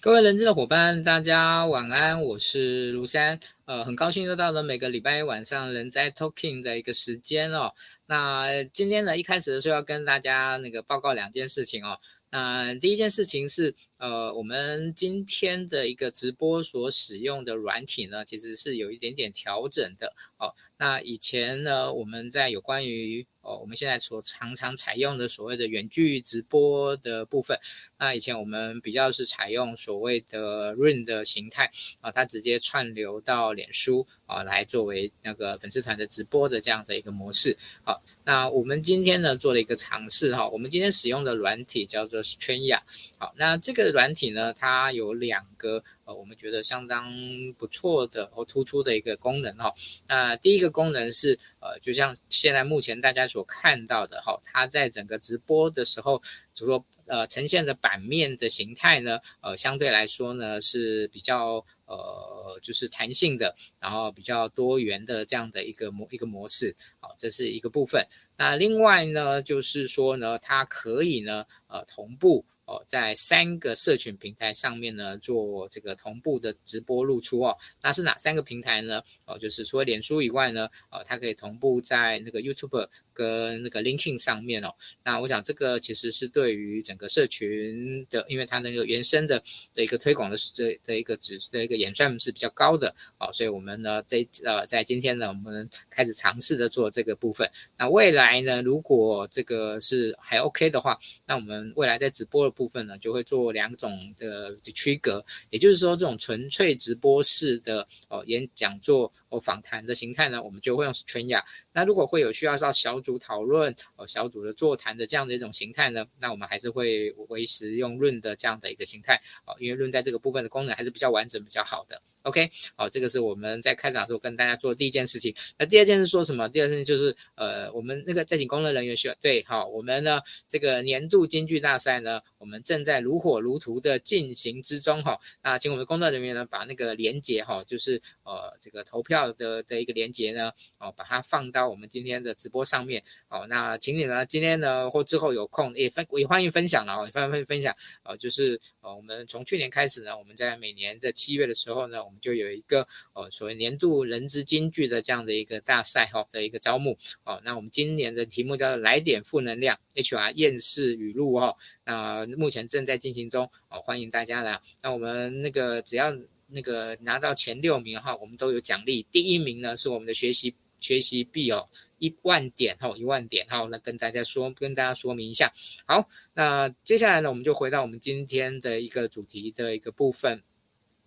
各位人資的夥伴，大家晚安，我是盧山。呃，很高興又到了每個禮拜一晚上人資 iTalking 的一個時間哦。那今天呢，一開始的時候要跟大家那個報告兩件事情哦。那第一件事情是，呃，我們今天的一個直播所使用的軟體呢，其實是有一點點調整的。哦，那以前呢，我們在有關於我們現在所常常採用的所謂的遠距直播的部分，那以前我們比較是採用所謂的 Ring 的形態啊，它直接串流到臉書啊，來作為那個粉絲團的直播的這樣的一個模式。好，那我們今天呢做了一個嘗試哈，我們今天使用的軟體叫做 Straya。好，那這個軟體呢，它有兩個。呃，我們覺得相當不錯的，或突出的一個功能哦。那第一個功能是，呃，就像現在目前大家所看到的哈，它在整個直播的時候，就說呃，呈現的版面的形態呢，呃，相對來說呢是比較呃，就是彈性的，然後比較多元的這樣的一個模一個模式，好，這是一個部分。那另外呢，就是說呢，它可以呢，呃，同步。哦，在三個社群平台上面呢，做這個同步的直播露出哦。那是哪三個平台呢？哦，就是除了臉書以外呢，哦，它可以同步在那個 YouTube。跟那個 linking 上面哦，那我想這個其實是對於整個社群的，因為它那個原生的這一個推廣的是這一、個這個指這個演算是比較高的哦，所以我們呢在呃在今天呢我們開始嘗試着做這個部分。那未來呢，如果這個是還 OK 的話，那我們未來在直播的部分呢，就會做兩種的區隔，也就是說這種純粹直播式的哦、呃、演講做哦訪談的形態呢，我們就會用全啞。那如果會有需要到小組。組討論哦，小組的座談的這樣的一種形態呢，那我們還是會維持用 Zoom 的這樣的一個形態哦，因為 Zoom 在這個部分的功能還是比較完整、比較好的。OK，好、哦，這個是我們在開場的時候跟大家做的第一件事情。那第二件事說什麼？第二件事就是呃，我們那個再請工作人員需要對好、哦，我們呢這個年度金句大賽呢，我們正在如火如荼的進行之中哈、哦。那請我們工作人員呢把那個連結哈、哦，就是呃這個投票的的一個連結呢哦，把它放到我們今天的直播上面。哦，那請你呢，今天呢，或之後有空也分也歡迎分享了哦，也歡迎分享。哦、呃，就是呃，我們從去年開始呢，我們在每年的七月的時候呢，我們就有一個哦、呃，所謂年度人資金句的這樣的一個大賽哈的一個招募。哦、呃，那我們今年的題目叫做“來點負能量 HR 厭世語錄”哦、呃。那目前正在進行中哦、呃，歡迎大家來。那我們那個只要那個拿到前六名哈，我們都有獎勵。第一名呢是我們的學習學習幣哦。一萬點吼，一萬點吼。好，那跟大家說，跟大家說明一下。好，那接下來呢，我們就回到我們今天的一個主題的一個部分。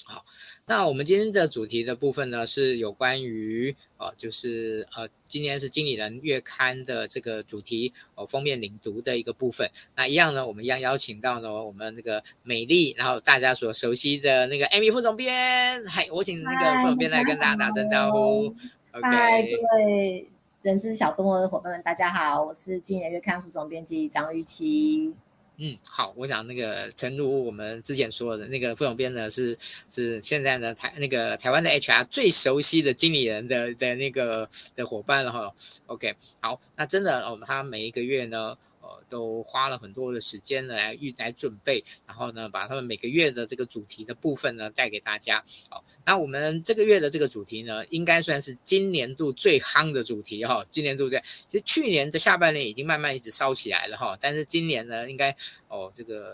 好，那我們今天的主題的部分呢，是有關於呃，就是呃，今天是經理人月刊的這個主題哦，封面領讀的一個部分。那一樣呢，我們一樣邀請到了我們那個美麗，然後大家所熟悉的那個 Amy 副總編，嗨，我請那個副總編來跟大家打聲招呼。Hi, my OK。人資小週末的夥伴們，大家好，我是經理人月刊副總編輯張玉琦。嗯，好，我想那個誠如，我們之前說的，那個副總編呢是是現在呢台那個台灣的 HR 最熟悉的經理人的的那個的夥伴了哈。OK，好，那真的我們他每一個月呢。呃，都花了很多的時間來預來準備，然後呢，把他們每個月的這個主題的部分呢帶給大家。好，那我們這個月的這個主題呢，應該算是今年度最夯的主題哈，今年度在，其實去年的下半年已經慢慢一直燒起來了哈，但是今年呢，應該哦這個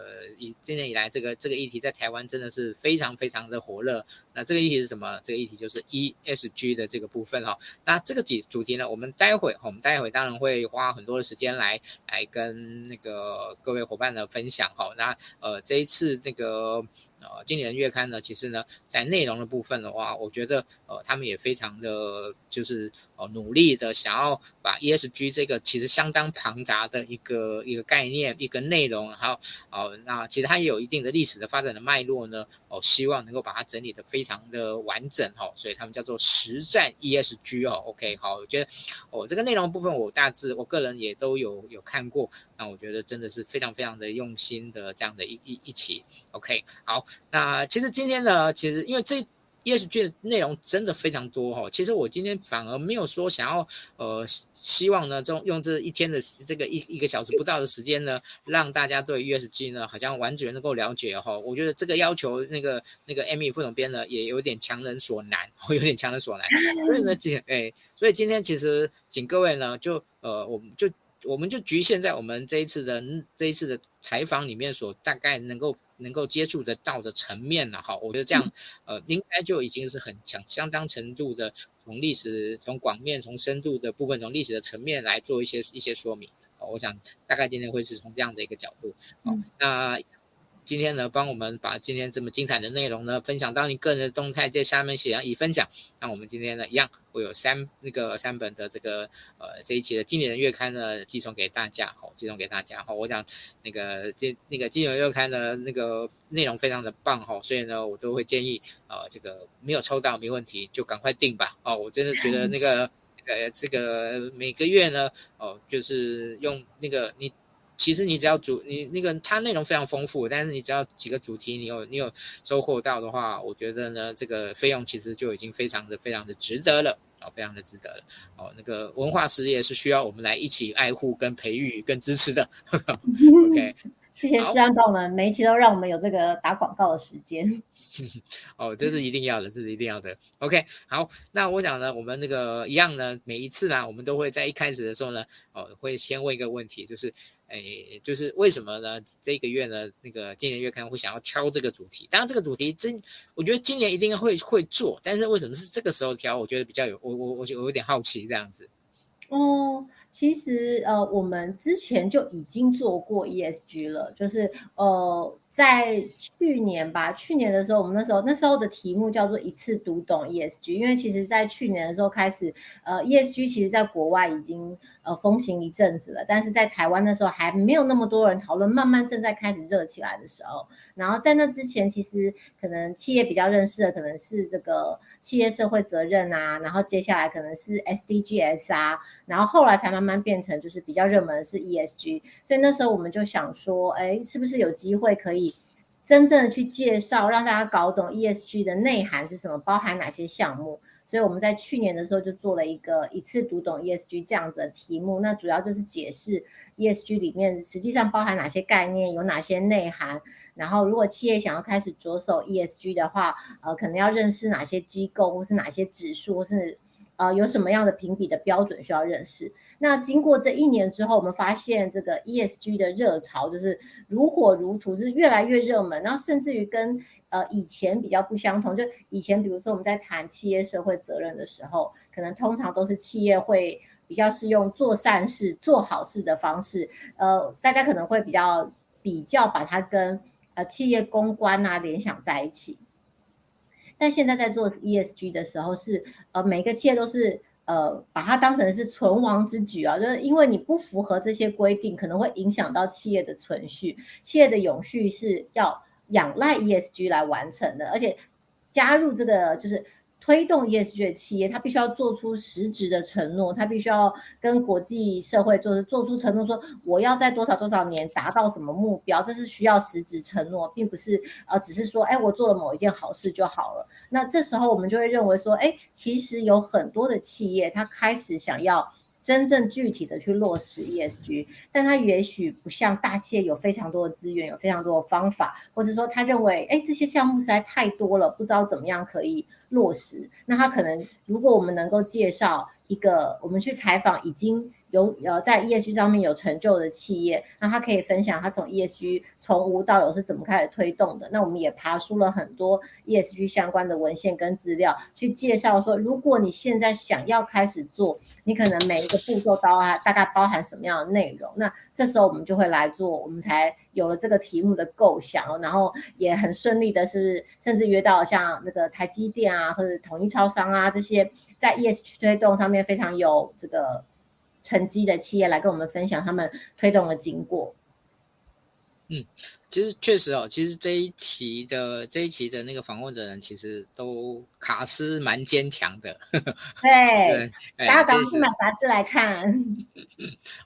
今年以來這個這個議題在台灣真的是非常非常的火熱。那這個議題是什麼？這個議題就是 ESG 的這個部分哈、哦。那這個主主題呢，我們待會我們待會當然會花很多的時間來來跟那個各位伙伴的分享哈。那呃，這一次那個。呃，今年的月刊呢，其實呢，在內容的部分的話，我覺得呃，他們也非常的，就是呃、哦，努力的想要把 ESG 這個其實相當龐雜的一個一個概念，一個內容，還有哦，那其實它也有一定的歷史的發展的脈絡呢，我、哦、希望能夠把它整理的非常的完整哈、哦，所以他們叫做實戰 ESG 哦，OK，好，我覺得哦，這個內容的部分我大致我個人也都有有看過，那我覺得真的是非常非常的用心的這樣的一一一期，OK，好。那其實今天呢，其實因為這 ESG 的內容真的非常多哈、哦，其實我今天反而沒有說想要呃希望呢，用用這一天的這個一一個小時不到的時間呢，讓大家對 ESG 呢好像完全能夠了解哈、哦。我覺得這個要求那個那個 Amy 副總編呢，也有點強人所難，我有點強人所難。所以呢，今哎，所以今天其實請各位呢，就呃，我們就我們就局限在我們這一次的這一次的採訪裡面，所大概能夠。能夠接觸得到的層面了，哈，我覺得這樣，呃，應該就已經是很強相當程度的，從歷史、從廣面、從深度的部分、從歷史的層面來做一些一些說明。我想大概今天會是從這樣的一個角度，好，嗯、那。今天呢，幫我們把今天這麼精彩的內容呢，分享到你個人的動態，在下面寫上已分享。那我們今天呢，一樣，我有三那個三本的這個呃這一期的《經理人月刊》呢，寄送給大家好、哦、寄送給大家好、哦、我想那個今那個《經理人月刊》的那個內容非常的棒哈、哦，所以呢，我都會建議呃這個沒有抽到沒問題，就趕快訂吧哦。我真的覺得那個呃這個每個月呢哦，就是用那個你。其實你只要主你那個它內容非常豐富，但是你只要幾個主題，你有你有收穫到的話，我覺得呢，這個費用其實就已經非常的非常的值得了哦，非常的值得了哦。那個文化事業是需要我們來一起愛護、跟培育、跟支持的。 OK。謝謝施安幫我們，好每一期都讓我們有這個打廣告的時間。哦，這是一定要的，嗯、這是一定要的。OK，好，那我想呢，我們那個一樣呢，每一次呢，我們都會在一開始的時候呢，哦，會先問一個問題，就是，誒、哎，就是為什麼呢？這個月呢，那個今年月刊會想要挑這個主題？當然，這個主題真，我覺得今年一定會會做，但是為什麼是這個時候挑？我覺得比較有，我我我我有點好奇這樣子。哦。其實，呃，我們之前就已經做過 ESG 了，就是，呃，在去年吧，去年的時候，我們那時候那時候的題目叫做一次讀懂 ESG，因為其實在去年的時候開始，呃，ESG 其實在國外已經呃風行一陣子了，但是在台灣那時候還沒有那麼多人討論，慢慢正在開始熱起來的時候，然後在那之前，其實可能企業比較認識的可能是這個企業社會責任啊，然後接下來可能是 SDGs 啊，然後後來才慢慢變成就是比較熱門是 ESG，所以那時候我們就想說，哎，是不是有機會可以。真正的去介紹，讓大家搞懂 ESG 的內涵是什麼，包含哪些項目。所以我們在去年的時候就做了一個一次讀懂 ESG 這樣子的題目，那主要就是解釋 ESG 裡面實際上包含哪些概念，有哪些內涵。然後如果企業想要開始着手 ESG 的話，呃，可能要認識哪些機構，或是哪些指數，或是。啊、呃，有什麼樣的評比的標準需要認識？那經過這一年之後，我們發現這個 ESG 的熱潮就是如火如荼，就是越來越熱門。那甚至於跟呃以前比較不相同，就以前比如說我們在談企業社會責任的時候，可能通常都是企業會比較是用做善事、做好事的方式，呃，大家可能會比較比較把它跟呃企業公關啊聯想在一起。但現在在做 ESG 的時候是，是呃每個企業都是呃把它當成是存亡之舉啊，就是因為你不符合這些規定，可能會影響到企業的存續，企業的永續是要仰賴 ESG 來完成的，而且加入這個就是。推動 ESG 的企業，它必須要做出實質的承諾，它必須要跟國際社會做做出承諾，說我要在多少多少年達到什麼目標，這是需要實質承諾，並不是呃，只是說，哎，我做了某一件好事就好了。那這時候我們就會認為說，哎，其實有很多的企業，他開始想要。真正具體的去落實 ESG，但他也許不像大企業有非常多的資源，有非常多的方法，或者說他認為，哎，這些項目實在太多了，不知道怎麼樣可以落實。那他可能，如果我們能夠介紹一個，我們去採訪已經。有呃，在 ESG 上面有成就的企業，那他可以分享他從 ESG 從無到有是怎麼開始推動的。那我們也爬梳了很多 ESG 相關的文獻跟資料，去介紹說，如果你現在想要開始做，你可能每一個步驟包含，大概包含什麼樣的內容。那這時候我們就會來做，我們才有了這個題目的構想，然後也很順利的是，甚至約到了像那個台積電啊，或者統一超商啊這些在 ESG 推動上面非常有這個。成績的企業來跟我們分享他們推動的經過。嗯，其實確實哦，其實這一期的這一期的那個訪問的人，其實都卡斯蠻堅強的。對，呵呵對哎、大家趕快去買雜誌來看。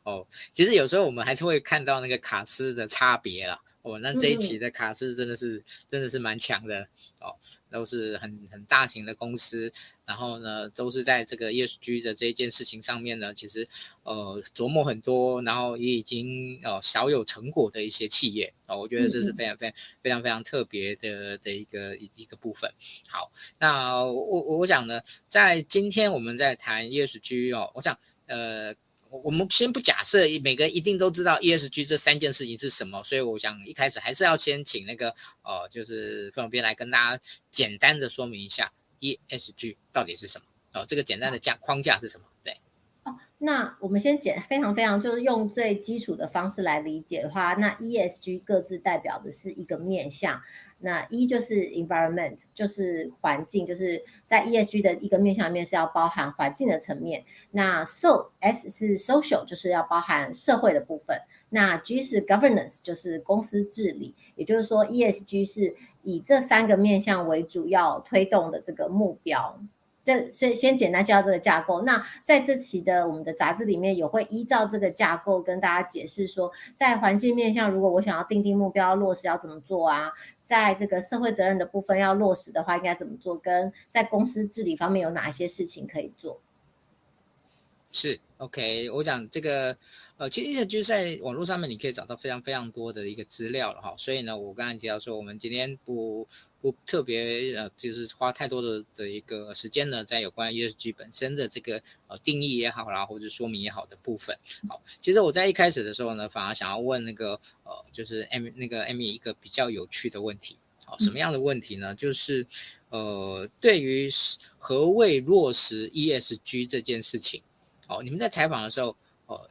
哦，其實有時候我們還是會看到那個卡斯的差別了。哦，那這一期的卡司真的是、嗯、真的是蠻強的哦，都是很很大型的公司，然後呢，都是在這個 ESG 的這一件事情上面呢，其實呃琢磨很多，然後也已經呃小有成果的一些企業啊、哦，我覺得這是非常非常、嗯、哼非常非常特別的的一個一一個部分。好，那我我我想呢，在今天我們在談 ESG 哦，我想呃。我們先不假設每個人一定都知道 ESG 這三件事情是什麼，所以我想一開始還是要先請那個哦、呃，就是副總編來跟大家簡單的說明一下 ESG 到底是什麼哦、呃，這個簡單的架框架是什麼？嗯、對哦，那我們先簡非常非常就是用最基礎的方式來理解的話，那 ESG 各自代表的是一個面向，那 E 就是 environment，就是環境，就是在 ESG 的一個面向裡面是要包含環境的層面。那 so S 是 social，就是要包含社會的部分。那 G 是 governance，就是公司治理。也就是說，ESG 是以這三個面向為主要推動的這個目標。這先先簡單介紹這個架構。那在這期的我們的雜誌裡面，也會依照這個架構跟大家解釋說，在環境面向，如果我想要定定目標、落實要怎麼做啊？在這個社會責任的部分要落實的話，應該怎麼做？跟在公司治理方面有哪些事情可以做？是。OK，我講這個，呃，其實就是在網絡上面你可以找到非常非常多的一個資料了哈。所以呢，我剛才提到說，我們今天不不特別呃，就是花太多的的一個時間呢，在有關 ESG 本身的這個呃定義也好啦，或者說明也好的部分。好，其實我在一開始的時候呢，反而想要問那個呃，就是 Amy 那個 Amy 一個比較有趣的問題。好，什麼樣的問題呢？就是呃，對於何謂落實 ESG 這件事情。哦，你們在採訪的時候，呃，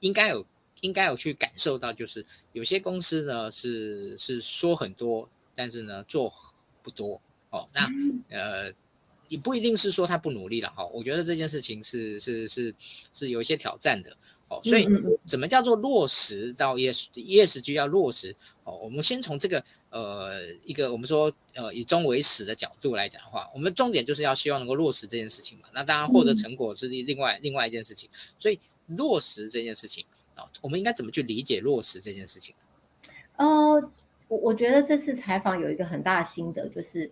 應該有應該有去感受到，就是有些公司呢是是說很多，但是呢做不多。哦，那呃。嗯也不一定是說他不努力了哈，我覺得這件事情是是是是有一些挑戰的哦，所以怎麼叫做落實到 ES ESG 要落實哦？我們先從這個呃一個我們說呃以終為始的角度來講的話，我們重點就是要希望能夠落實這件事情嘛，那當然獲得成果是另外、嗯、另外一件事情，所以落實這件事情啊，我們應該怎麼去理解落實這件事情呢？哦，我、呃、我覺得這次採訪有一個很大的心得就是。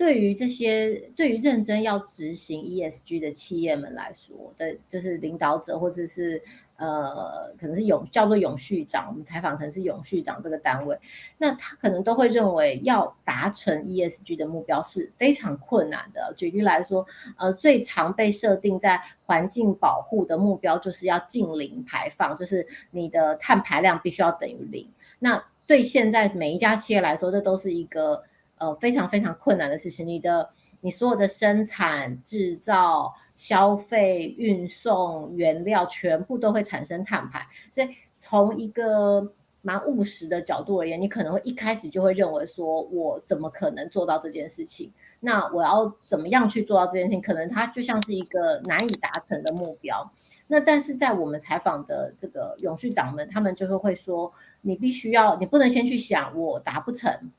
對於這些對於認真要執行 ESG 的企業們來說，的，就是領導者或者是呃，可能是永叫做永續長，我們採訪可能是永續長這個單位，那他可能都會認為要達成 ESG 的目標是非常困難的。舉例來說，呃，最常被設定在環境保護的目標就是要淨零排放，就是你的碳排量必須要等於零。那對現在每一家企業來說，這都是一個。呃，非常非常困難的事情，你的你所有的生產、制造、消費、運送、原料，全部都會產生碳排。所以從一個蠻務實的角度而言，你可能會一開始就會認為說，我怎麼可能做到這件事情？那我要怎麼樣去做到這件事情？可能它就像是一個難以達成的目標。那但是在我們採訪的這個永續掌門，他們就會會說，你必須要，你不能先去想我達不成。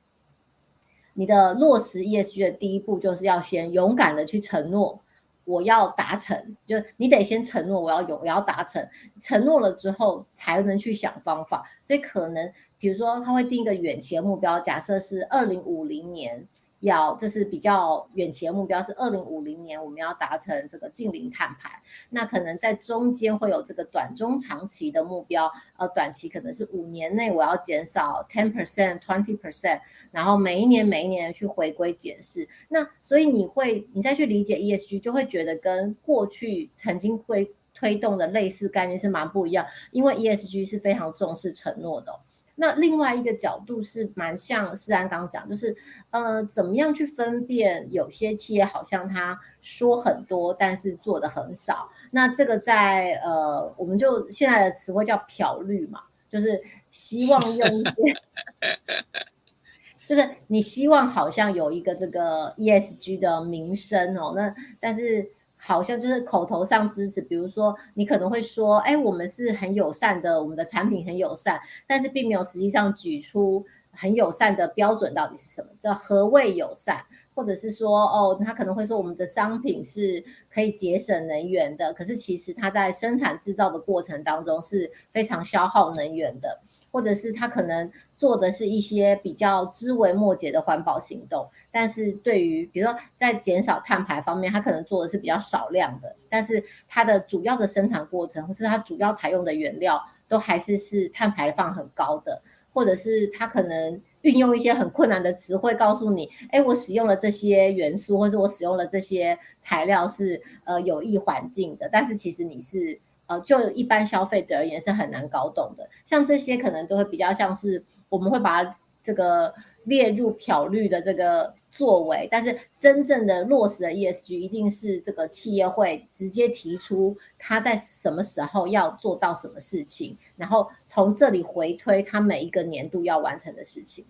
你的落實 ESG 的第一步就是要先勇敢的去承諾，我要達成，就你得先承諾我要有我要達成，承諾了之後才能去想方法，所以可能比如說他會定一個遠期的目標，假設是二零五零年。要，這是比較遠期的目標，是二零五零年我們要達成這個淨零碳排。那可能在中間會有這個短中長期的目標，呃，短期可能是五年內我要減少 ten percent twenty percent，然後每一年每一年去回歸檢視。那所以你會你再去理解 ESG，就會覺得跟過去曾經會推，推動的類似概念是蠻不一樣，因為 ESG 是非常重視承諾的哦。那另外一個角度是蠻像思安剛講，就是呃，怎麼樣去分辨有些企業好像他說很多，但是做的很少。那這個在呃，我們就現在的詞彙叫“漂綠”嘛，就是希望用一些， 就是你希望好像有一個這個 ESG 的名聲哦，那但是。好像就是口頭上支持，比如說你可能會說，哎、欸，我們是很友善的，我們的產品很友善，但是並沒有實際上舉出很友善的標準到底是什麼，叫何謂友善，或者是說，哦，他可能會說我們的商品是可以節省能源的，可是其實它在生產製造的過程當中是非常消耗能源的。或者是他可能做的是一些比較枝微末節的環保行動，但是對於比如說在減少碳排方面，他可能做的是比較少量的，但是它的主要的生產過程或是它主要採用的原料都還是是碳排放很高的，或者是他可能運用一些很困難的詞彙告訴你，哎、欸，我使用了這些元素，或是我使用了這些材料是呃有益環境的，但是其實你是。就一般消費者而言是很難搞懂的。像這些可能都會比較像是我們會把它這個列入考慮的這個作為，但是真正的落實的 ESG 一定是這個企業會直接提出他在什麼時候要做到什麼事情，然後從這裡回推他每一個年度要完成的事情。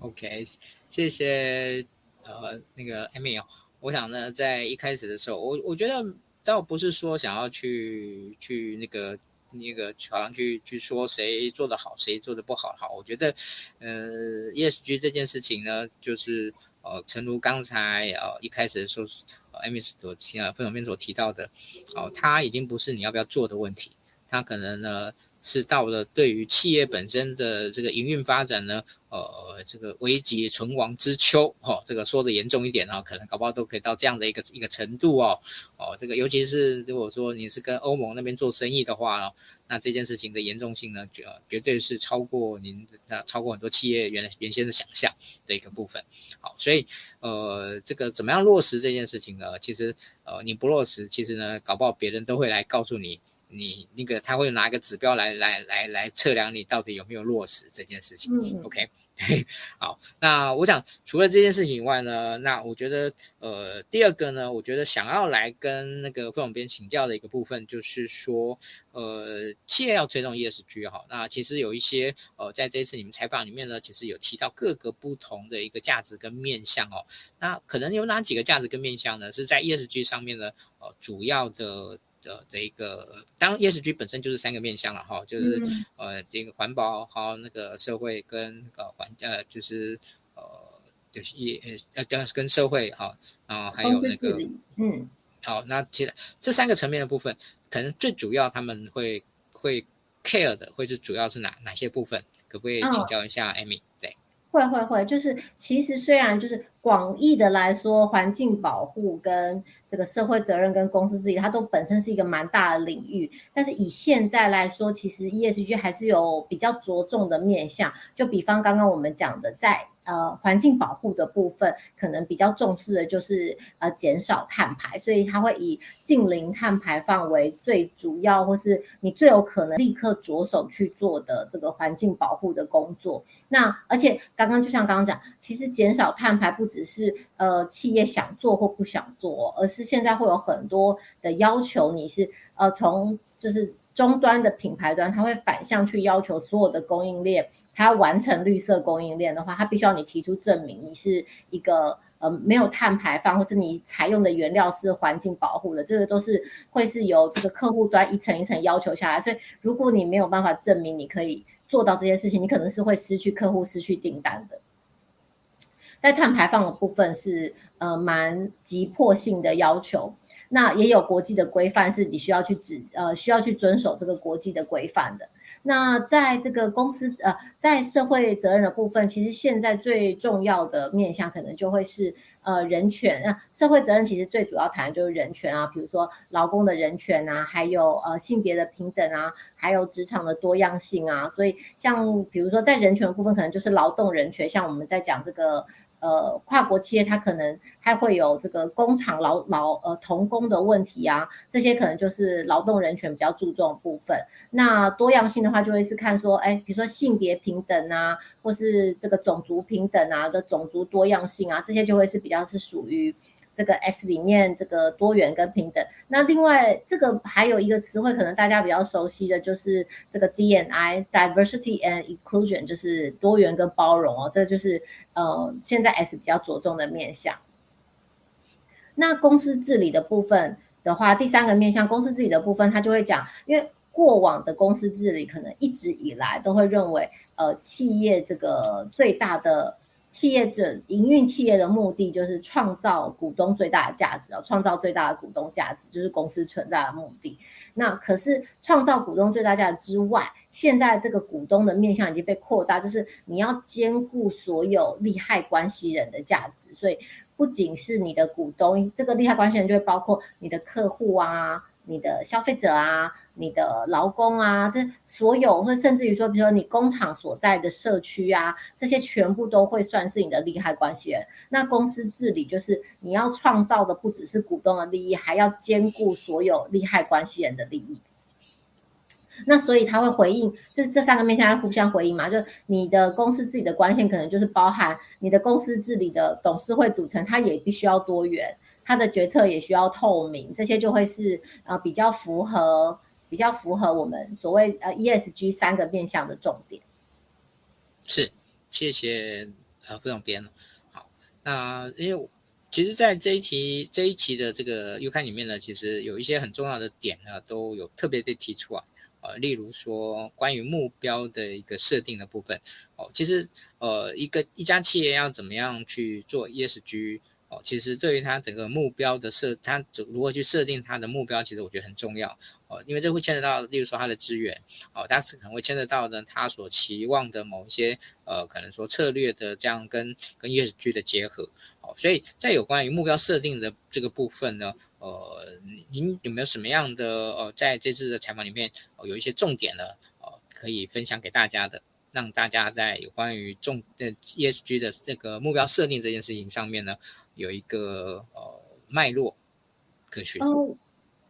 OK，謝謝。呃，那個 Amy 我想呢，在一開始的時候，我我覺得。倒不是說想要去去那個那個好像去去說誰做得好，誰做得不好。好，我覺得，呃，ESG 這件事情呢，就是呃誠如剛才呃一開始說是 Amy 所提啊、呃，副總編所提到的，哦、呃，它已經不是你要不要做的問題。它可能呢是到了對於企業本身的這個營運發展呢，呃，這個危急存亡之秋哈、哦，這個說的嚴重一點啊，可能搞不好都可以到這樣的一個一個程度哦哦，這個尤其是如果說你是跟歐盟那邊做生意的話呢，那這件事情的嚴重性呢，絕絕對是超過您超過很多企業原來原先的想象的一個部分。好，所以呃，這個怎麼樣落實這件事情呢？其實呃，你不落實，其實呢，搞不好別人都會來告訴你。你那個他會拿一個指標來來來來測量你到底有沒有落實這件事情、mm hmm.，OK？對，好，那我想除了這件事情以外呢，那我覺得呃第二個呢，我覺得想要來跟那個副總編請教的一個部分就是說，呃，企業要推動 ESG 哈、哦，那其實有一些呃在這一次你們採訪裡面呢，其實有提到各個不同的一個價值跟面向哦。那可能有哪幾個價值跟面向呢？是在 ESG 上面呢？呃，主要的。的、呃、這一個，當然 ESG 本身就是三個面向了哈、哦，就是，嗯、呃這個環保和、哦、那個社會跟個環呃就是呃就是也呃跟、呃、跟社會哈，然、哦、後還有那個嗯，好、哦，那其實這三個層面的部分，可能最主要他們會會 care 的，或是主要是哪哪些部分，可不可以請教一下 Amy？哦、對。會會會，就是其實雖然就是廣義的來說，環境保護跟這個社會責任跟公司治理，它都本身是一個蠻大的領域。但是以現在來說，其實 ESG 還是有比較着重的面向，就比方剛剛我們講的在。呃，環境保護的部分可能比較重視的就是呃減少碳排，所以它會以淨零碳排放為最主要，或是你最有可能立刻着手去做的這個環境保護的工作。那而且剛剛就像剛剛講，其實減少碳排不只是呃企業想做或不想做，而是現在會有很多的要求，你是呃從就是。終端的品牌端，它會反向去要求所有的供應鏈，它要完成綠色供應鏈的話，它必須要你提出證明，你是一個呃沒有碳排放，或是你採用的原料是環境保護的，這個都是會是由這個客戶端一層一層要求下來。所以，如果你沒有辦法證明你可以做到這件事情，你可能是會失去客戶、失去訂單的。在碳排放的部分是呃蠻急迫性的要求。那也有國際的規範，是你需要去指呃需要去遵守這個國際的規範的。那在這個公司呃在社會責任的部分，其實現在最重要的面向可能就會是呃人權啊，社會責任其實最主要談的就是人權啊，比如說勞工的人權啊，還有呃性別的平等啊，還有職場的多樣性啊。所以像比如說在人權的部分，可能就是勞動人權，像我們在講這個。呃，跨國企業它可能還會有這個工廠勞勞呃童工的問題啊，這些可能就是勞動人權比較注重的部分。那多樣性的話，就會是看說，哎，比如說性別平等啊，或是這個種族平等啊的種族多樣性啊，這些就會是比較是屬於。這個 S 裡面這個多元跟平等，那另外這個還有一個詞彙，可能大家比較熟悉的，就是這個 D&I Diversity and Inclusion，就是多元跟包容哦，這就是呃現在 S 比較着重的面向。那公司治理的部分的話，第三個面向公司治理的部分，他就會講，因為過往的公司治理可能一直以來都會認為，呃，企業這個最大的。企業者，營運企業的目的就是創造股東最大的價值啊、哦，創造最大的股東價值就是公司存在的目的。那可是創造股東最大價值之外，現在這個股東的面向已經被擴大，就是你要兼顧所有利害關係人的價值。所以不僅是你的股東，這個利害關係人就會包括你的客戶啊。你的消費者啊，你的勞工啊，這所有，或甚至於說，比如說你工廠所在的社區啊，這些全部都會算是你的利害關係人。那公司治理就是你要創造的，不只是股東的利益，還要兼顧所有利害關係人的利益。那所以他會回應，這這三個面向要互相回應嘛，就你的公司自己的關係可能就是包含你的公司治理的董事會組成，它也必須要多元。他的決策也需要透明，這些就會是呃比較符合比較符合我們所謂呃 ESG 三個面向的重點。是，謝謝、呃、不用編了。好，那因為其實，在這一期這一期的這個 U 刊裡面呢，其實有一些很重要的點呢，都有特別的提出來、呃。例如說關於目標的一個設定的部分，哦，其實呃一個一家企業要怎麼樣去做 ESG。哦，其實對於他整個目標的設，他如何去設定他的目標，其實我覺得很重要哦，因為這會牽扯到，例如說他的資源哦，他是可能會牽扯到呢，他所期望的某一些呃，可能說策略的這樣跟跟 ESG 的結合哦，所以在有關於目標設定的這個部分呢，呃，您有沒有什麼樣的呃，在這次的採訪裡面，有一些重點呢，呃，可以分享給大家的，讓大家在有關於重的 ESG 的這個目標設定這件事情上面呢？有一個呃脈絡可是、哦、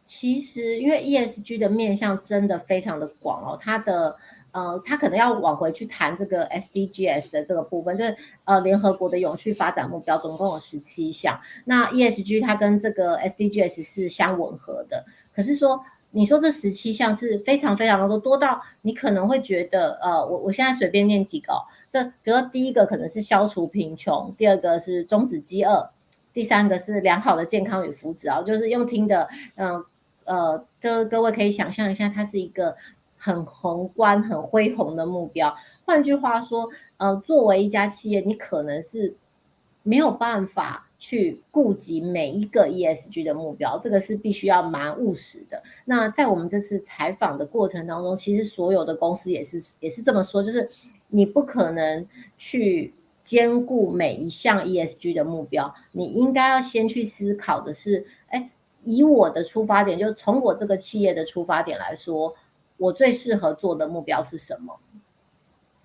其實因為 ESG 的面向真的非常的廣哦，它的呃，它可能要往回去談這個 SDGs 的這個部分，就是呃，聯合國的永續發展目標總共有十七項。那 ESG 它跟這個 SDGs 是相吻合的，可是說你說這十七項是非常非常的多，多到你可能會覺得呃，我我現在隨便念幾個、哦。這比如說，第一個可能是消除貧窮，第二個是終止飢餓，第三個是良好的健康與福祉啊，就是用聽的，嗯呃，這、呃、各位可以想象一下，它是一個很宏觀、很恢宏的目標。換句話說，呃，作為一家企業，你可能是沒有辦法去顧及每一個 ESG 的目標，這個是必須要蠻務實的。那在我們這次採訪的過程當中，其實所有的公司也是也是這麼說，就是。你不可能去兼顧每一項 ESG 的目標，你應該要先去思考的是，哎、欸，以我的出發點，就從我這個企業的出發點來說，我最適合做的目標是什麼？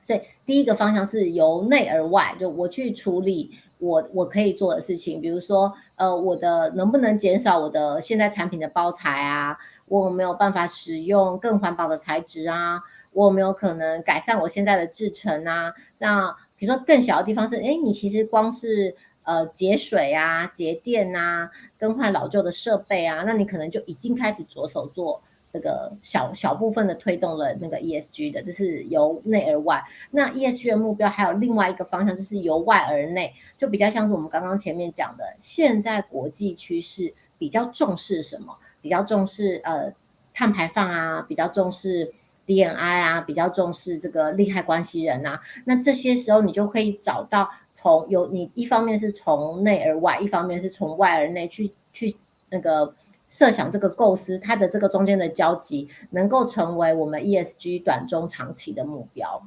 所以第一個方向是由內而外，就我去處理我我可以做的事情，比如說，呃，我的能不能減少我的現在產品的包材啊？我沒有辦法使用更環保的材質啊？我沒有可能改善我現在的製程啊，那比如說更小的地方是，誒你其實光是呃節水啊、節電啊、更換老舊的設備啊，那你可能就已經開始着手做這個小小部分的推動了。那個 ESG 的，這、就是由內而外。那 ESG 的目標還有另外一個方向，就是由外而內，就比較像是我們剛剛前面講的，現在國際趨勢比較重視什麼？比較重視呃碳排放啊，比較重視。D N I 啊，比較重視這個利害關係人啊，那這些時候你就可以找到從有你一方面是從內而外，一方面是從外而內去去那個設想這個構思，它的這個中間的交集能夠成為我們 ESG 短中長期的目標。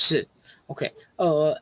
是 OK，呃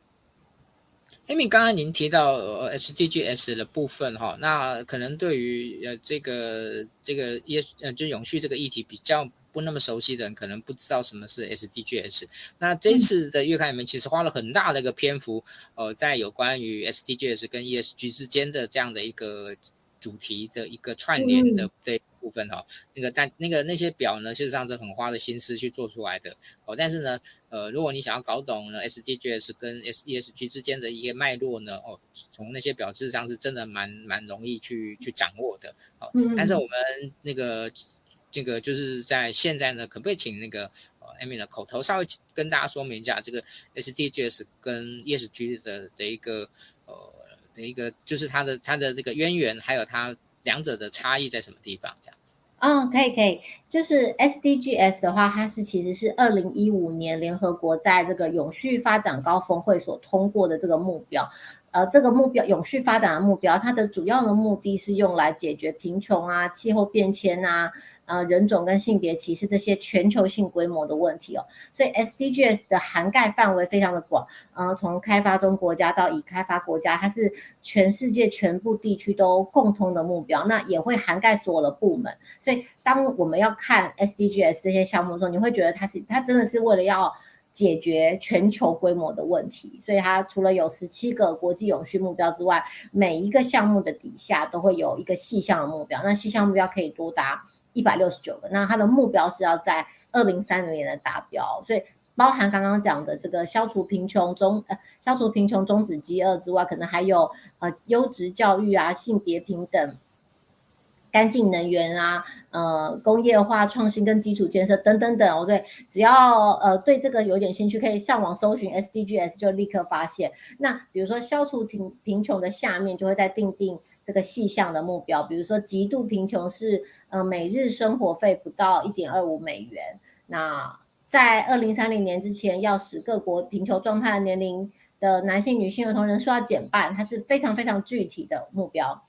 ，Amy，剛剛您提到 SDGs 的部分哈、哦，那可能對於呃這個這個 ES、呃、就永續這個議題比較不那麼熟悉的人可能不知道什麼是 SDGs。那這次的月刊裡面其實花了很大的一個篇幅，嗯、呃，在有關於 SDGs 跟 ESG 之間的這樣的一個主題的一個串聯的這部分、嗯、哦，那個但那，那個那些表呢，事實上是很花的心思去做出來的。哦，但是呢，呃，如果你想要搞懂呢 SDGs 跟 ESG 之間的一個脈絡呢，哦，從那些表事實上是真的蠻蠻容易去去掌握的。哦，但是我們那個。嗯這個就是在現在呢，可不可以請那個呃，艾米娜口頭稍微跟大家說明一下這個 SDGs 跟 ESG 的這一個呃這一個，就是它的它的這個淵源，還有它兩者的差異在什麼地方？這樣子。嗯、哦，可以可以，就是 SDGs 的話，它是其實是二零一五年聯合國在這個永續發展高峰會所通過的這個目標，呃，這個目標永續發展的目標，它的主要的目的是用來解決貧窮啊、氣候變遷啊。呃，人種跟性別歧視這些全球性規模的問題哦，所以 SDGs 的涵蓋範圍非常的廣，嗯，從開發中國家到已開發國家，它是全世界全部地區都共通的目標，那也會涵蓋所有的部門。所以當我們要看 SDGs 這些項目的時候，你會覺得它是，它真的是為了要解決全球規模的問題。所以它除了有十七個國際永續目標之外，每一個項目的底下都會有一個細項的目標，那細項目標可以多達。一百六十九個，那它的目標是要在二零三零年來達標，所以包含剛剛講的這個消除貧窮中呃消除貧窮終止飢餓之外，可能還有呃優質教育啊性別平等、乾淨能源啊呃工業化創新跟基礎建設等等等哦，所以只要呃對這個有點興趣，可以上網搜尋 SDGs 就立刻發現。那比如說消除貧貧窮的下面就會再訂定。這個細項的目標，比如說極度貧窮是呃每日生活費不到一點二五美元。那在二零三零年之前，要使各國貧窮狀態的年齡的男性、女性、兒童人數要減半，它是非常非常具體的目標。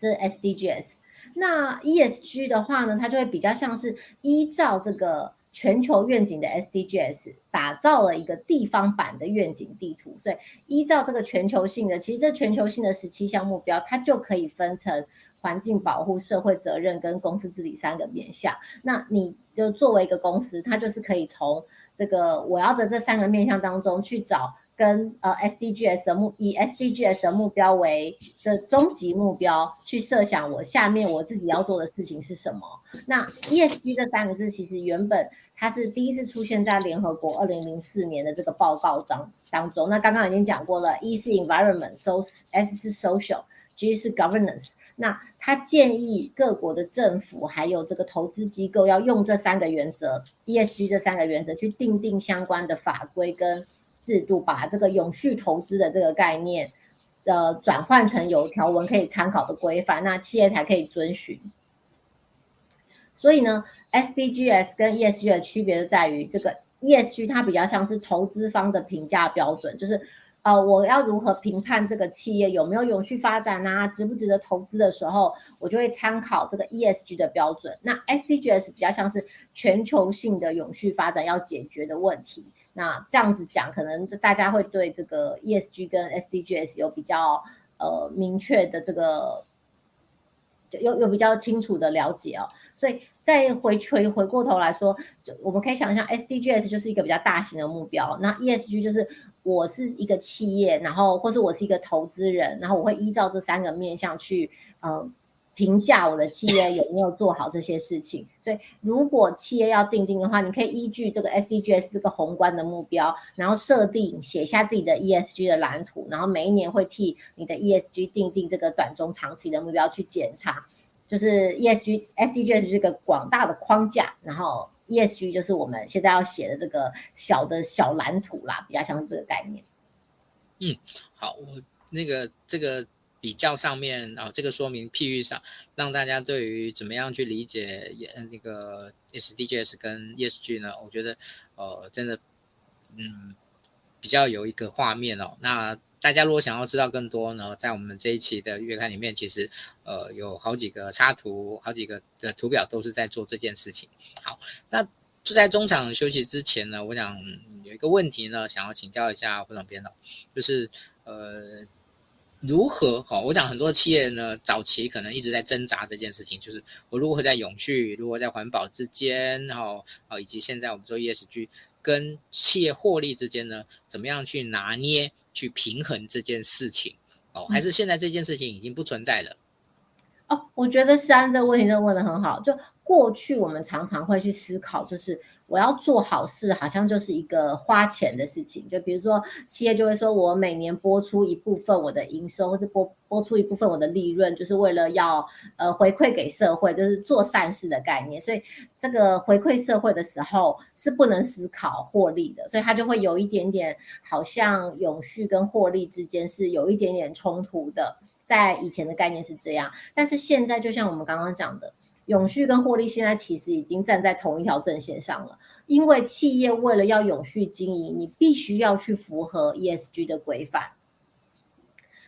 這是 SDGs。那 ESG 的話呢，它就會比較像是依照這個。全球願景的 SDGs 打造了一個地方版的願景地圖，所以依照這個全球性的，其實這全球性的十七項目標，它就可以分成環境保護、社會責任跟公司治理三個面向。那你就作為一個公司，它就是可以從這個我要的這三個面向當中去找。跟呃，SDGs 的目以 SDGs 的目標為這終極目標，去設想我下面我自己要做的事情是什麼。那 ESG 這三個字，其實原本它是第一次出現在聯合國二零零四年的這個報告當中。那剛剛已經講過了，E 是 Environment，S 是 Social，G 是 Governance。那他建議各國的政府還有這個投資機構要用這三個原則，ESG 這三個原則去訂定相關的法規跟。制度把這個永續投資的這個概念，呃，轉換成有條文可以參考的規範，那企業才可以遵循。所以呢，SDGs 跟 ESG 的區別就在於，這個 ESG 它比較像是投資方的評價標準，就是呃，我要如何評判這個企業有沒有永續發展啊，值不值得投資的時候，我就會參考這個 ESG 的標準。那 SDGs 比較像是全球性的永續發展要解決的問題。那這樣子講，可能大家會對這個 ESG 跟 SDGs 有比較呃明確的這個，就有有比較清楚的了解哦。所以再回回回過頭來說，就我們可以想象 SDGs 就是一個比較大型的目標，那 ESG 就是我是一個企業，然後或是我是一個投資人，然後我會依照這三個面向去嗯。呃評價我的企業有沒有做好這些事情？所以，如果企業要訂定的話，你可以依據這個 SDGs 這個宏觀的目標，然後設定寫下自己的 ESG 的藍圖，然後每一年會替你的 ESG 訂定這個短中長期的目標去檢查。就是 ESG SDGs 是一個廣大的框架，然後 ESG 就是我們現在要寫的這個小的小藍圖啦，比較像是這個概念。嗯，好，我那個這個。比較上面啊、哦，這個說明譬喻上，讓大家對於怎麼樣去理解那個 SDGs 跟 E S G 呢，我覺得，呃，真的，嗯，比較有一個畫面哦。那大家如果想要知道更多呢，在我們這一期的月刊裡面，其實呃有好幾個插圖、好幾個的圖表都是在做這件事情。好，那就在中場休息之前呢，我想、嗯、有一個問題呢，想要請教一下副總編輯，就是呃。如何？哈，我想很多企業呢，早期可能一直在掙扎這件事情，就是我如何在永續、如何在環保之間，然後啊，以及現在我們做 ESG 跟企業獲利之間呢，怎麼樣去拿捏、去平衡這件事情？哦，還是現在這件事情已經不存在了？嗯、哦，我覺得是啊，這個問題就問得很好。就過去我們常常會去思考，就是。我要做好事，好像就是一個花錢的事情。就比如說，企業就會說，我每年撥出一部分我的營收，或是撥撥出一部分我的利潤，就是為了要呃回饋給社會，就是做善事的概念。所以，這個回饋社會的時候是不能思考獲利的，所以他就會有一點點，好像永續跟獲利之間是有一點點衝突的。在以前的概念是這樣，但是現在，就像我們剛剛講的。永續跟獲利現在其實已經站在同一條陣線上了，因為企業為了要永續經營，你必須要去符合 ESG 的規範。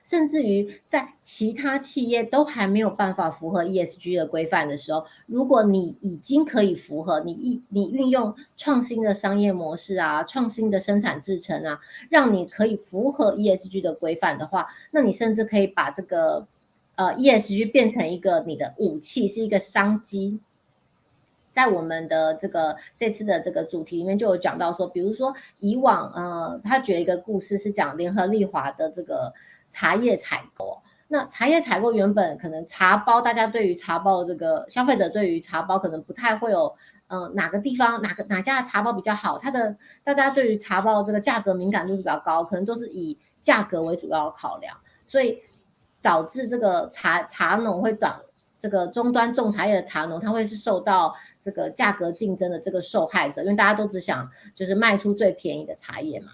甚至於在其他企業都還沒有辦法符合 ESG 的規範的時候，如果你已經可以符合，你一你運用創新的商業模式啊，創新的生產製程啊，讓你可以符合 ESG 的規範的話，那你甚至可以把這個。呃，ESG 變成一個你的武器，是一個商機。在我們的這個這次的這個主題裡面，就有講到說，比如說以往呃，他舉了一個故事是講聯合利華的這個茶葉採購。那茶葉採購原本可能茶包，大家對於茶包的這個消費者對於茶包可能不太會有嗯、呃，哪個地方哪個哪家的茶包比較好，它的大家對於茶包的這個價格敏感度比較高，可能都是以價格為主要的考量，所以。導致這個茶茶農會短，這個終端種茶葉的茶農他會是受到這個價格競爭的這個受害者，因為大家都只想就是賣出最便宜的茶葉嘛。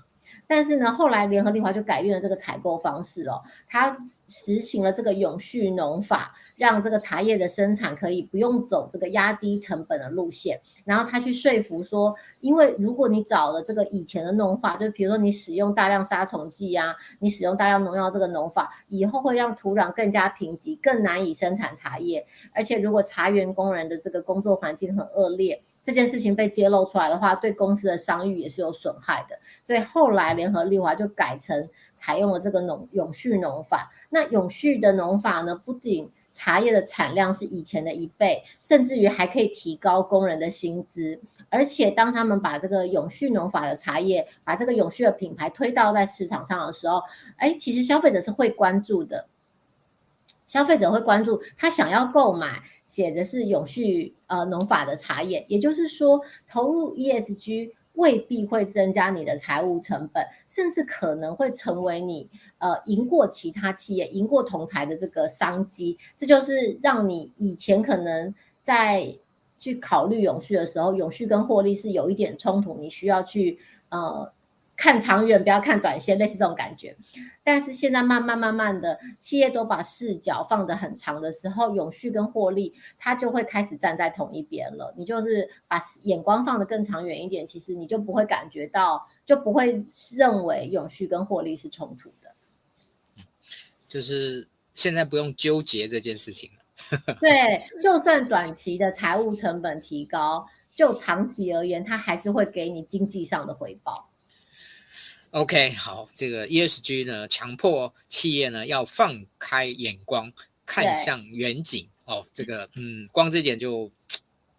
但是呢，後來聯合利華就改變了這個採購方式哦，他實行了這個永續農法，讓這個茶葉的生產可以不用走這個壓低成本的路線。然後他去說服說，因為如果你找了這個以前的農法，就比如說你使用大量殺蟲劑呀、啊，你使用大量農藥這個農法，以後會讓土壤更加貧瘠，更難以生產茶葉。而且如果茶園工人的這個工作環境很惡劣。這件事情被揭露出來的話，對公司的商譽也是有損害的。所以後來聯合利華就改成採用了這個農永續農法。那永續的農法呢，不僅茶葉的產量是以前的一倍，甚至於還可以提高工人的薪資。而且當他們把這個永續農法的茶葉，把這個永續的品牌推到在市場上的時候，哎，其實消費者是會關注的。消費者會關注，他想要購買寫的是永續呃、農法的茶葉。也就是說，投入 ESG 未必會增加你的財務成本，甚至可能會成為你呃、贏過其他企業、贏過同儕的這個商機。這就是讓你以前可能在去考慮永續的時候，永續跟獲利是有一點衝突，你需要去呃。看長遠，不要看短線，類似這種感覺。但是現在慢慢慢慢的，企業都把視角放得很長的時候，永續跟獲利，它就會開始站在同一邊了。你就是把眼光放得更長遠一點，其實你就不會感覺到，就不會認為永續跟獲利是衝突的。就是現在不用糾結這件事情 對，就算短期的財務成本提高，就長期而言，它還是會給你經濟上的回報。OK，好，這個 ESG 呢，強迫企業呢，要放開眼光，看向遠景對哦。這個，嗯，光這點就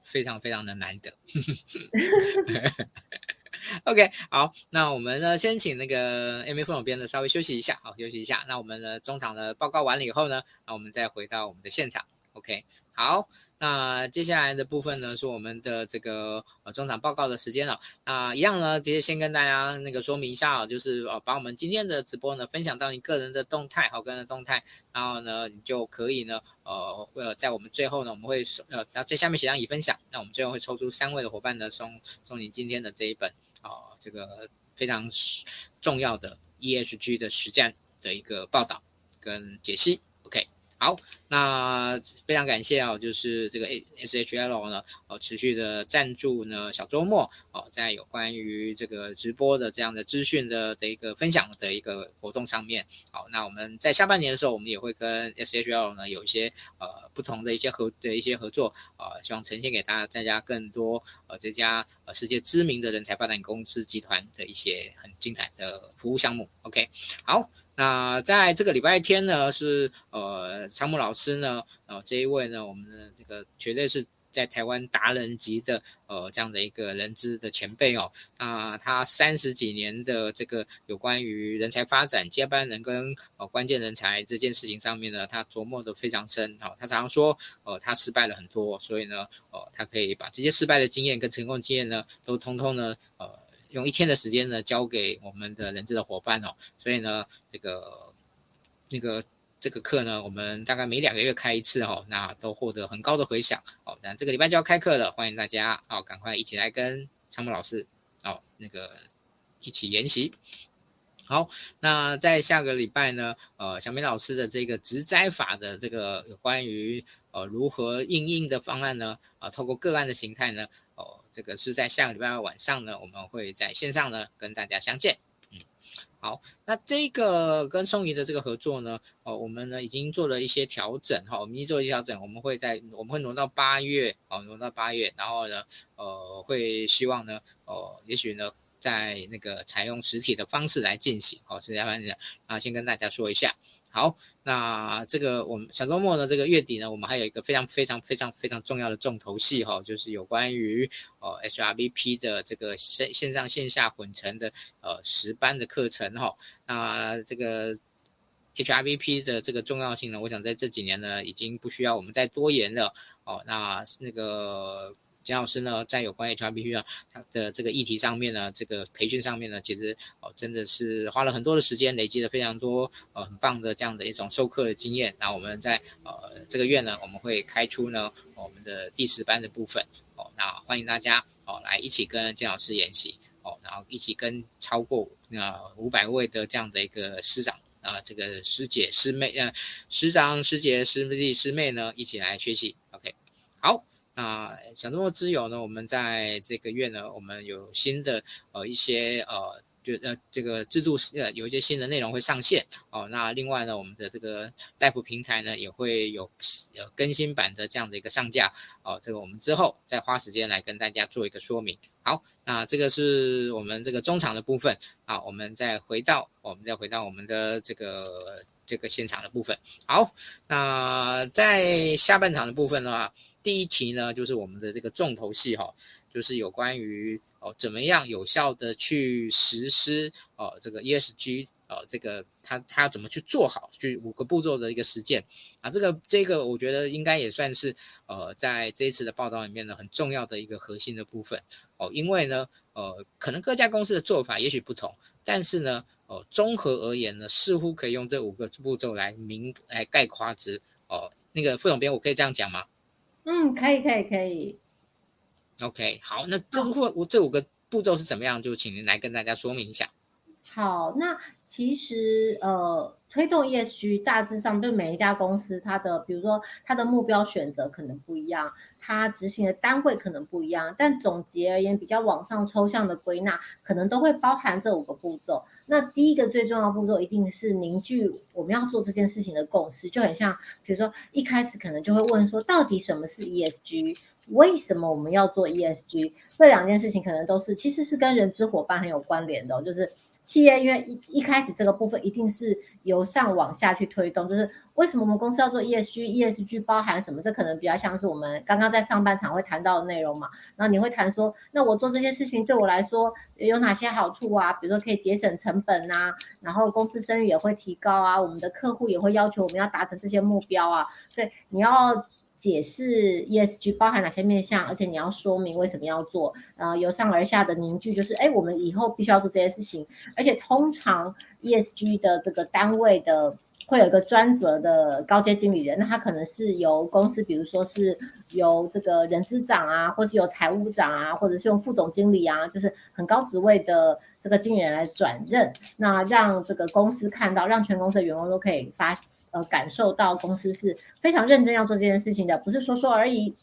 非常非常的難得。 OK，好，那我們呢先請那個 Amy 副總編輯稍微休息一下，好，休息一下。那我們的中場的報告完了以後呢，那我們再回到我們的現場。OK，好。那、啊、接下來的部分呢，是我們的這個、啊、中場報告的時間了、啊。那、啊、一樣呢，直接先跟大家那個說明一下哦、啊，就是呃、啊、把我們今天的直播呢分享到你個人的動態，好，個人的動態，然後呢，你就可以呢，呃呃，為了，在我們最後呢，我們會呃，然後在下面寫上已分享。那我們最後會抽出三位的伙伴呢，送送你今天的這一本啊這個非常重要的 ESG 的實戰的一個報道跟解析。好，那非常感謝啊，就是這個 SHL 呢，呃，持續的贊助呢小周末哦，呃，在有關於這個直播的這樣的資訊的的一個分享的一個活動上面，好，那我們在下半年的時候，我們也會跟 SHL 呢有一些呃不同的一些合的一些合作，啊，呃，希望呈現給大家大家更多呃這家呃世界知名的人才發展公司集團的一些很精彩的服務項目。OK，好。那在這個禮拜天呢，是呃，張木老師呢，呃，這一位呢，我們的這個絕對是在台灣達人級的，呃，這樣的一個人資的前輩哦。那他三十幾年的這個有關於人才發展、接班人跟呃關鍵人才這件事情上面呢，他琢磨的非常深。好，他常說，呃他失敗了很多，所以呢，呃他可以把這些失敗的經驗跟成功經驗呢，都通通呢，呃。用一天的時間呢，教給我們的人資的伙伴哦，嗯、所以呢，這個、那個、這個課呢，我們大概每兩個月開一次哦，那都獲得很高的回響哦。但這個禮拜就要開課了，歡迎大家哦，趕快一起來跟參謀老師哦，那個一起研習。好，那在下個禮拜呢，呃，小明老師的這個職災法的這個有關於呃如何應用的方案呢，啊、呃，透過個案的形態呢，哦、呃，這個是在下個禮拜二晚上呢，我們會在線上呢跟大家相見，嗯，好，那這個跟松怡的這個合作呢，呃，我們呢已經做了一些調整哈、哦，我們已經做一些調整，我們會在我們會挪到八月，哦，挪到八月，然後呢，呃，會希望呢，呃，也許呢。在那個採用實體的方式來進行哦，是這樣子啊，先跟大家說一下。好，那這個我們小周末的這個月底呢，我們還有一個非常非常非常非常重要的重頭戲哈、哦，就是有關於哦 HRBP 的這個線線上線下混成的呃十班的課程哈、哦。那這個 HRBP 的這個重要性呢，我想在這幾年呢，已經不需要我們再多言了哦。那那個。姜老師呢，在有關 HRBP 他的這個議題上面呢，這個培訓上面呢，其實哦真的是花了很多的時間，累積了非常多哦很棒的這樣的一種授課的經驗。那我們在呃這個月呢，我們會開出呢我們的第十班的部分哦，那歡迎大家哦來一起跟姜老師演習哦，然後一起跟超過呃五百位的這樣的一個師長啊這個師姐師妹呃，師長師姐師弟師妹呢一起來學習。OK，好。那小眾的之友呢？我們在這個月呢，我們有新的呃一些呃，就呃這個制度呃有一些新的內容會上線哦。那另外呢，我們的這個 Live 平台呢也會有呃更新版的這樣的一個上架哦。這個我們之後再花時間來跟大家做一個說明。好，那這個是我們這個中場的部分啊。我們再回到我們再回到我們的這個。這個現場的部分好，那在下半場的部分的話，第一題呢就是我們的這個重頭戲哈、哦，就是有關於哦怎麼樣有效的去實施哦這個 ESG。呃，這個他他要怎麼去做好？去五個步驟的一個實踐啊，這個這個我覺得應該也算是呃，在這一次的報道裡面呢，很重要的一個核心的部分哦、呃。因為呢，呃，可能各家公司的做法也許不同，但是呢，呃，綜合而言呢，似乎可以用這五個步驟來明來概括之哦、呃。那個副總編，我可以這樣講嗎？嗯，可以可以可以。OK，好，那這我、嗯、這五個步驟是怎麼樣？就請您來跟大家說明一下。好，那其實呃，推動 ESG 大致上對每一家公司，它的比如說它的目標選擇可能不一樣，它執行的單位可能不一樣，但總結而言，比較往上抽象的歸納，可能都會包含這五個步驟。那第一個最重要的步驟，一定是凝聚我們要做這件事情的共識，就很像比如說一開始可能就會問說，到底什麼是 ESG？為什麼我們要做 ESG？這兩件事情可能都是其實是跟人資夥伴很有關聯的，哦，就是。企業因為一一開始這個部分一定是由上往下去推動，就是為什麼我們公司要做 ESG？ESG 包含什麼？這可能比較像是我們剛剛在上半場會談到的內容嘛。然後你會談說，那我做這些事情對我來說有哪些好處啊？比如說可以節省成本啊，然後公司聲譽也會提高啊，我們的客戶也會要求我們要達成這些目標啊，所以你要。解釋 ESG 包含哪些面向，而且你要說明為什麼要做，呃，由上而下的凝聚就是，哎、欸，我們以後必須要做這些事情。而且通常 ESG 的這個單位的會有一個專責的高階經理人，那他可能是由公司，比如說是由這個人資長啊，或是由財務長啊，或者是用副總經理啊，就是很高職位的這個經理人來轉任，那讓這個公司看到，讓全公司的員工都可以發。呃，感受到公司是非常認真要做這件事情的，不是說說而已。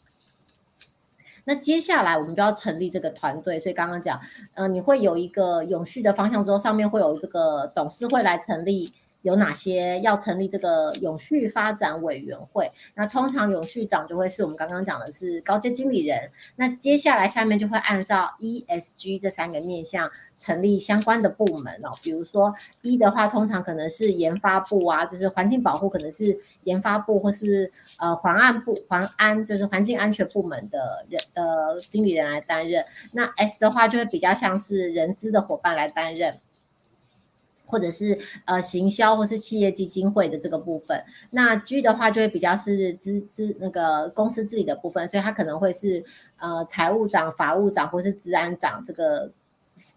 那接下來我們就要成立這個團隊，所以剛剛講，嗯、呃，你會有一個永續的方向之後，上面會有這個董事會來成立。有哪些要成立這個永續發展委員會？那通常永續長就會是我們剛剛講的是高階經理人。那接下來下面就會按照 ESG 這三個面向成立相關的部門哦。比如說 E 的話，通常可能是研發部啊，就是環境保護可能是研發部或是呃環安部、環安就是環境安全部門的人呃經理人來擔任。那 S 的話就會比較像是人資的夥伴來擔任。或者是呃行銷，或是企業基金會的這個部分，那 G 的話就會比較是資資那個公司自己的部分，所以他可能會是呃財務長、法務長或是治安長這個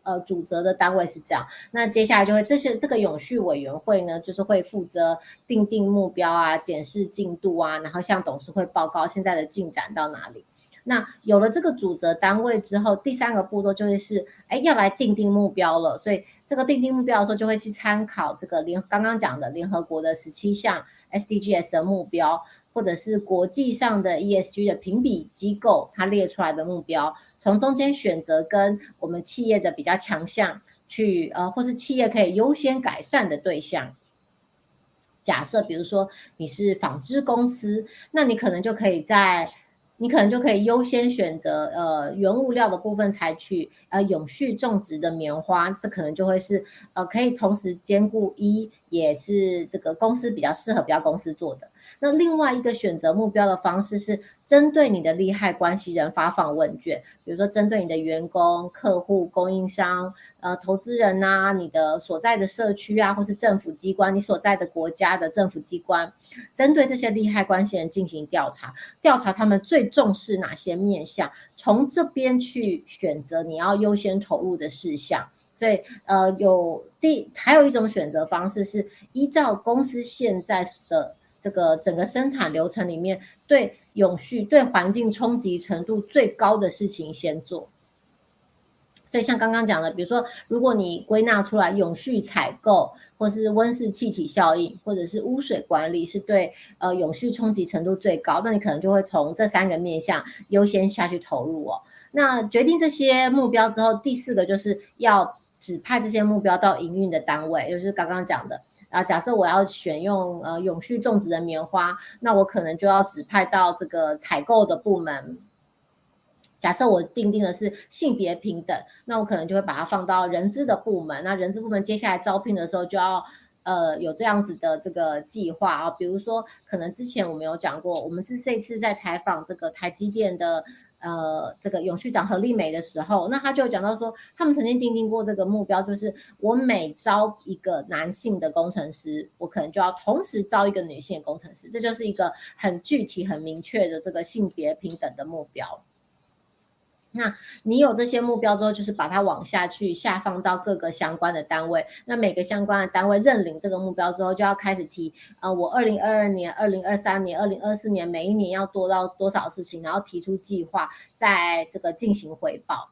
呃主責的單位是這樣。那接下來就會這些這個永續委員會呢，就是會負責定定目標啊、檢視進度啊，然後向董事會報告現在的進展到哪裡。那有了這個主責單位之後，第三個步驟就會是哎、欸、要來定定目標了，所以。這個訂定目標的時候，就會去參考這個聯剛剛講的聯合國的十七項 SDGs 的目標，或者是國際上的 ESG 的評比機構它列出來的目標，從中間選擇跟我們企業的比較強項去呃，或是企業可以優先改善的對象。假設比如說你是紡織公司，那你可能就可以在。你可能就可以優先選擇，呃，原物料的部分採取呃永續種植的棉花，這可能就會是呃可以同時兼顧一，也是這個公司比較適合比較公司做的。那另外一個選擇目標的方式是針對你的利害關係人發放問卷，比如說針對你的員工、客戶、供應商、呃投資人吶、啊，你的所在的社區啊，或是政府機關，你所在的國家的政府機關，針對這些利害關係人進行調查，調查他們最重視哪些面向，從這邊去選擇你要優先投入的事項。所以，呃，有第還有一種選擇方式是依照公司現在的。這個整個生產流程裡面，對永續、對環境衝擊程度最高的事情先做。所以像剛剛講的，比如說，如果你歸納出來永續採購，或是溫室氣體效應，或者是污水管理，是對呃永續衝擊程度最高，那你可能就會從這三個面向優先下去投入哦。那決定這些目標之後，第四個就是要指派這些目標到營運的單位，就是剛剛講的。啊，假設我要選用呃永續種植的棉花，那我可能就要指派到這個採購的部門。假設我訂定的是性別平等，那我可能就會把它放到人資的部門。那人資部門接下來招聘的時候就要呃有這樣子的這個計劃啊，比如說可能之前我們有講過，我們是這次在採訪這個台積電的。呃，這個永續長何麗梅的時候，那他就講到說，他們曾經訂定過這個目標，就是我每招一個男性的工程師，我可能就要同時招一個女性的工程師，這就是一個很具體、很明確的這個性別平等的目標。那你有這些目標之後，就是把它往下去下放到各個相關的單位。那每個相關的單位認領這個目標之後，就要開始提呃，我二零二二年、二零二三年、二零二四年每一年要做到多少事情，然後提出計劃，再這個進行回報。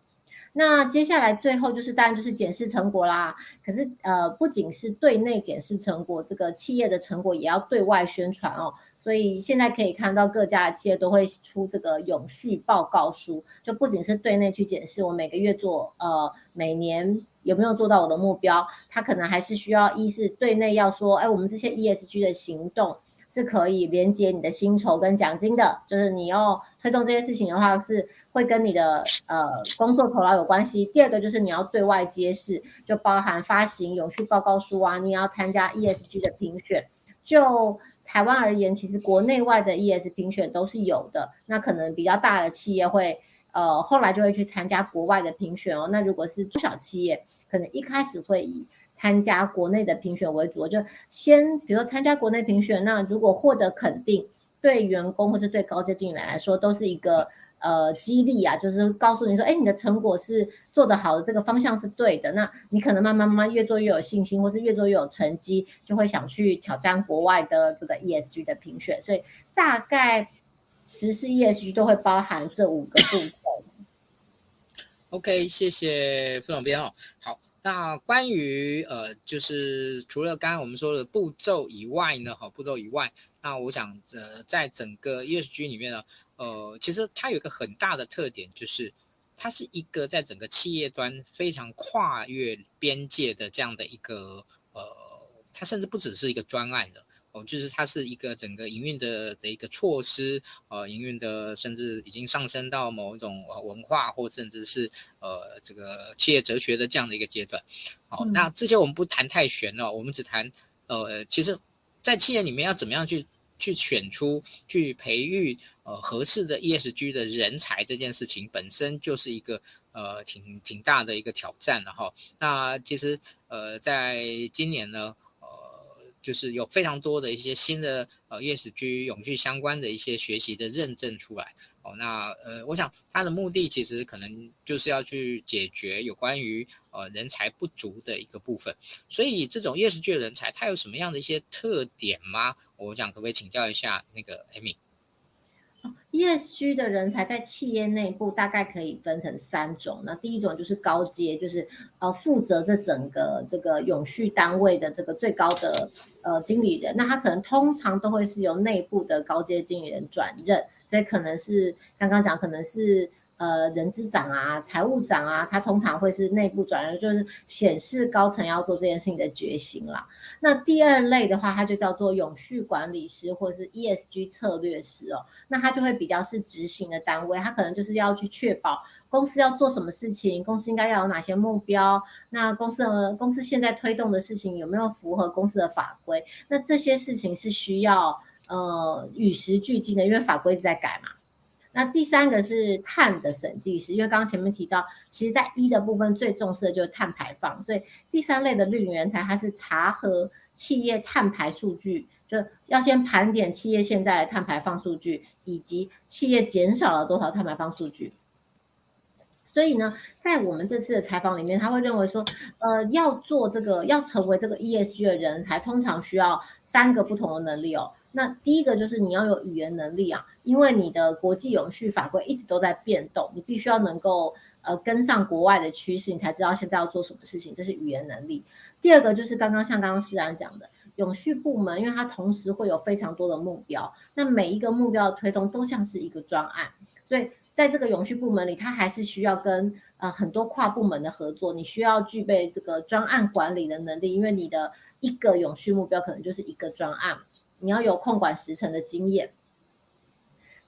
那接下來最後就是當然就是檢視成果啦。可是呃，不僅是對內檢視成果，這個企業的成果也要對外宣傳哦。所以現在可以看到各家的企業都會出這個永續報告書，就不僅是對內去檢視我每個月做呃每年有沒有做到我的目標，它可能還是需要一是對內要說，哎，我們這些 ESG 的行動是可以連接你的薪酬跟獎金的，就是你要推動這些事情的話是會跟你的呃工作酬勞有關係。第二個就是你要對外揭示，就包含發行永續報告書啊，你也要參加 ESG 的評選，就。台灣而言，其實國內外的 ES 評選都是有的。那可能比較大的企業會，呃，後來就會去參加國外的評選哦。那如果是中小企業，可能一開始會以參加國內的評選為主，就先，比如說參加國內評選。那如果獲得肯定，對員工或是對高階經理人來說，都是一個。呃，激勵啊，就是告訴你說，哎，你的成果是做得好的，這個方向是對的。那你可能慢慢慢慢越做越有信心，或是越做越有成績，就會想去挑戰國外的這個 ESG 的評選。所以大概實施 ESG 都會包含這五個部分 OK，謝謝副總編哦。好，那關於呃，就是除了剛剛我們說的步驟以外呢，哈，步驟以外，那我想呃，在整個 ESG 裡面呢。呃，其實它有一個很大的特點，就是它是一個在整個企業端非常跨越邊界的這樣的一個呃，它甚至不只是一個專案的哦，就是它是一個整個營運的的一個措施呃，營運的甚至已經上升到某一種文化或甚至是呃這個企業哲學的這樣的一個階段。好，哦，嗯，那這些我們不談太玄了，我們只談呃，其實，在企業裡面要怎麼樣去。去選出、去培育呃合適的 ESG 的人才這件事情本身就是一個呃挺挺大的一個挑戰了哈。那其實呃在今年呢，呃就是有非常多的一些新的呃 ESG 永續相關的一些學習的認證出來。那呃，我想他的目的其實可能就是要去解決有關於呃人才不足的一個部分。所以這種 ESG 的人才，他有什麼樣的一些特點嗎？我想可不可以請教一下那個 Amy？ESG 的人才在企業內部大概可以分成三種。那第一種就是高階，就是呃負責這整個這個永續單位的這個最高的呃經理人。那他可能通常都會是由內部的高階經理人轉任，所以可能是剛剛講，可能是。呃，人資長啊，財務長啊，他通常會是內部轉任，就是顯示高層要做這件事情的決心啦。那第二類的話，它就叫做永續管理師或者是 ESG 策略師哦。那他就會比較是執行的單位，他可能就是要去確保公司要做什麼事情，公司應該要有哪些目標。那公司，呃，公司現在推動的事情有沒有符合公司的法規？那這些事情是需要呃與時俱進的，因為法規一直在改嘛。那第三個是碳的審計師，因為剛剛前面提到，其實，在 E 的部分最重視的就是碳排放，所以第三類的綠領人才，他是查核企業碳排數據，就要先盤點企業現在的碳排放數據，以及企業減少了多少碳排放數據。所以呢，在我們這次的採訪裡面，他會認為說，呃，要做這個，要成為這個 ESG 的人才，通常需要三個不同的能力哦。那第一個就是你要有語言能力啊，因為你的國際永續法規一直都在變動，你必須要能夠呃跟上國外的趨勢，你才知道現在要做什麼事情，這是語言能力。第二個就是剛剛像剛剛詩安講的，永續部門因為它同時會有非常多的目標，那每一個目標的推動都像是一個專案，所以在這個永續部門裡，它還是需要跟呃很多跨部門的合作，你需要具備這個專案管理的能力，因為你的一個永續目標可能就是一個專案。你要有控管時程的經驗，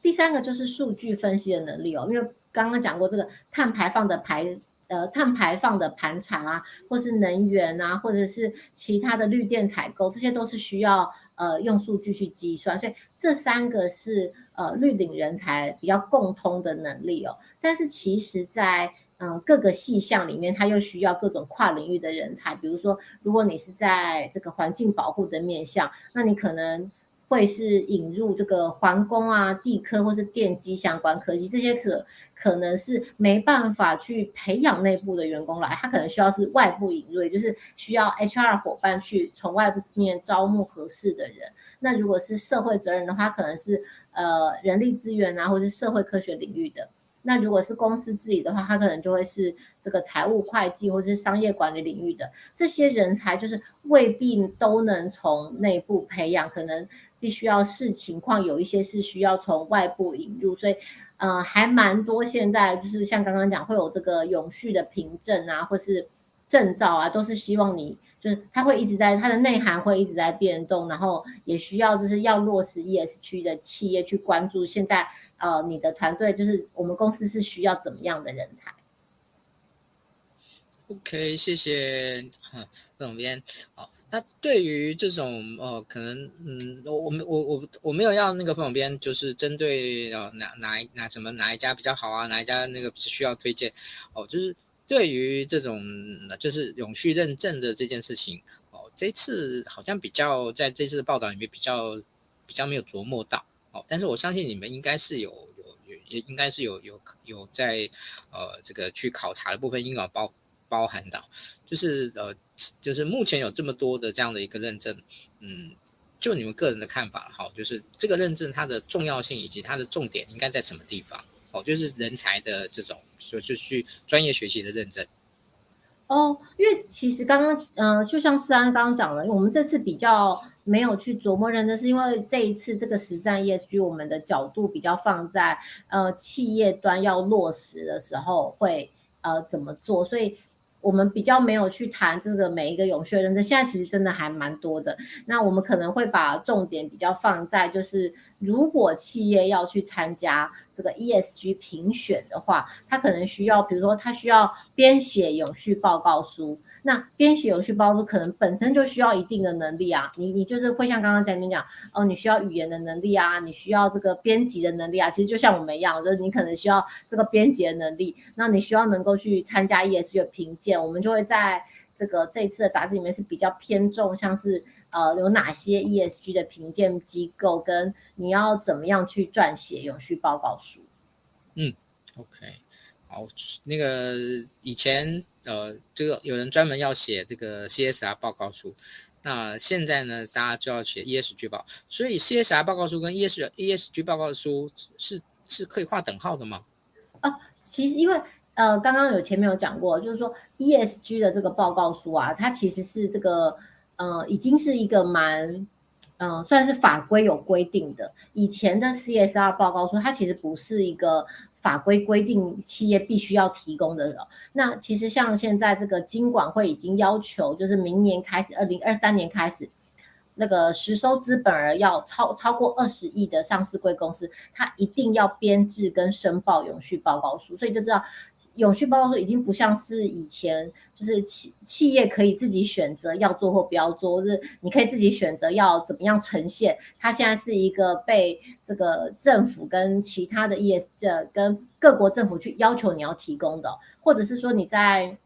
第三個就是數據分析的能力哦，因為剛剛講過這個碳排放的排呃碳排放的盤查啊，或是能源啊，或者是其他的綠電採購，這些都是需要呃用數據去計算，所以這三個是呃綠領人才比較共通的能力哦，但是其實在。嗯，各個細項裡面，它又需要各種跨領域的人才。比如說，如果你是在這個環境保護的面向，那你可能會是引入這個環工啊、地科或是電機相關科技，這些可可能是沒辦法去培養內部的員工來，它可能需要是外部引入，也就是需要 HR 夥伴去從外部面招募合適的人。那如果是社會責任的話，可能是呃人力資源啊，或是社會科學領域的。那如果是公司自己的話，他可能就會是這個財務會計或者是商業管理領域的這些人才，就是未必都能從內部培養，可能必須要視情況，有一些是需要從外部引入，所以，呃，還蠻多。現在就是像剛剛講，會有這個永續的憑證啊，或是證照啊，都是希望你。就是它會一直在，它的內涵會一直在變動，然後也需要就是要落實 ESG 的企業去關注現在，呃，你的團隊就是我們公司是需要怎麼樣的人才。OK，謝謝副總編。好、嗯，那對於這種呃、哦、可能嗯我我們我我我沒有要那個副總編就是針對呃、哦、哪哪哪什麼哪一家比較好啊，哪一家那個需要推薦哦就是。對於這種就是永續認證的這件事情，哦，這次好像比較在這次的報道裡面比較比較沒有琢磨到哦，但是我相信你們應該是有有有，也應該是有有有在呃這個去考察的部分應該包包含到，就是呃就是目前有這麼多的這樣的一個認證，嗯，就你們個人的看法哈、哦，就是這個認證它的重要性以及它的重點應該在什麼地方？哦，就是人才的這種，就就去專業學習的認證。哦，因為其實剛剛，嗯、呃，就像世安剛剛講了，我們這次比較沒有去琢磨認證，是因為這一次這個實戰業 s 我們的角度比較放在，呃，企業端要落實的時候會，呃，怎麼做，所以我們比較沒有去談這個每一個永學認證。現在其實真的還蠻多的，那我們可能會把重點比較放在就是。如果企業要去參加這個 ESG 評選的話，它可能需要，比如說，它需要編寫永續報告書。那編寫永續報告書可能本身就需要一定的能力啊。你你就是會像剛剛講你講，哦，你需要語言的能力啊，你需要這個編輯的能力啊。其實就像我們一樣，就是你可能需要這個編輯的能力，那你需要能夠去參加 ESG 的評鑑，我們就會在。這個這次的雜誌裡面是比較偏重，像是呃有哪些 ESG 的評鑑機構，跟你要怎麼樣去撰寫永續報告書。嗯，OK，好，那個以前呃，這個有人專門要寫這個 CSR 報告書，那現在呢，大家就要寫 ESG 報告，所以 CSR 報告書跟 ESG ESG 報告書是是可以畫等號的嗎？啊，其實因為。呃，剛剛有前面有講過，就是說 ESG 的這個報告書啊，它其實是這個，呃，已經是一個蠻，呃，算是法規有規定的。以前的 CSR 報告書，它其實不是一個法規規定企業必須要提供的了。那其實像現在這個金管會已經要求，就是明年開始，二零二三年開始。那個實收資本額要超超過二十億的上市櫃公司，它一定要編製跟申報永續報告書，所以就知道永續報告書已經不像是以前，就是企企業可以自己選擇要做或不要做，或是你可以自己選擇要怎麼樣呈現。它現在是一個被這個政府跟其他的 ESG 跟各國政府去要求你要提供的，或者是說你在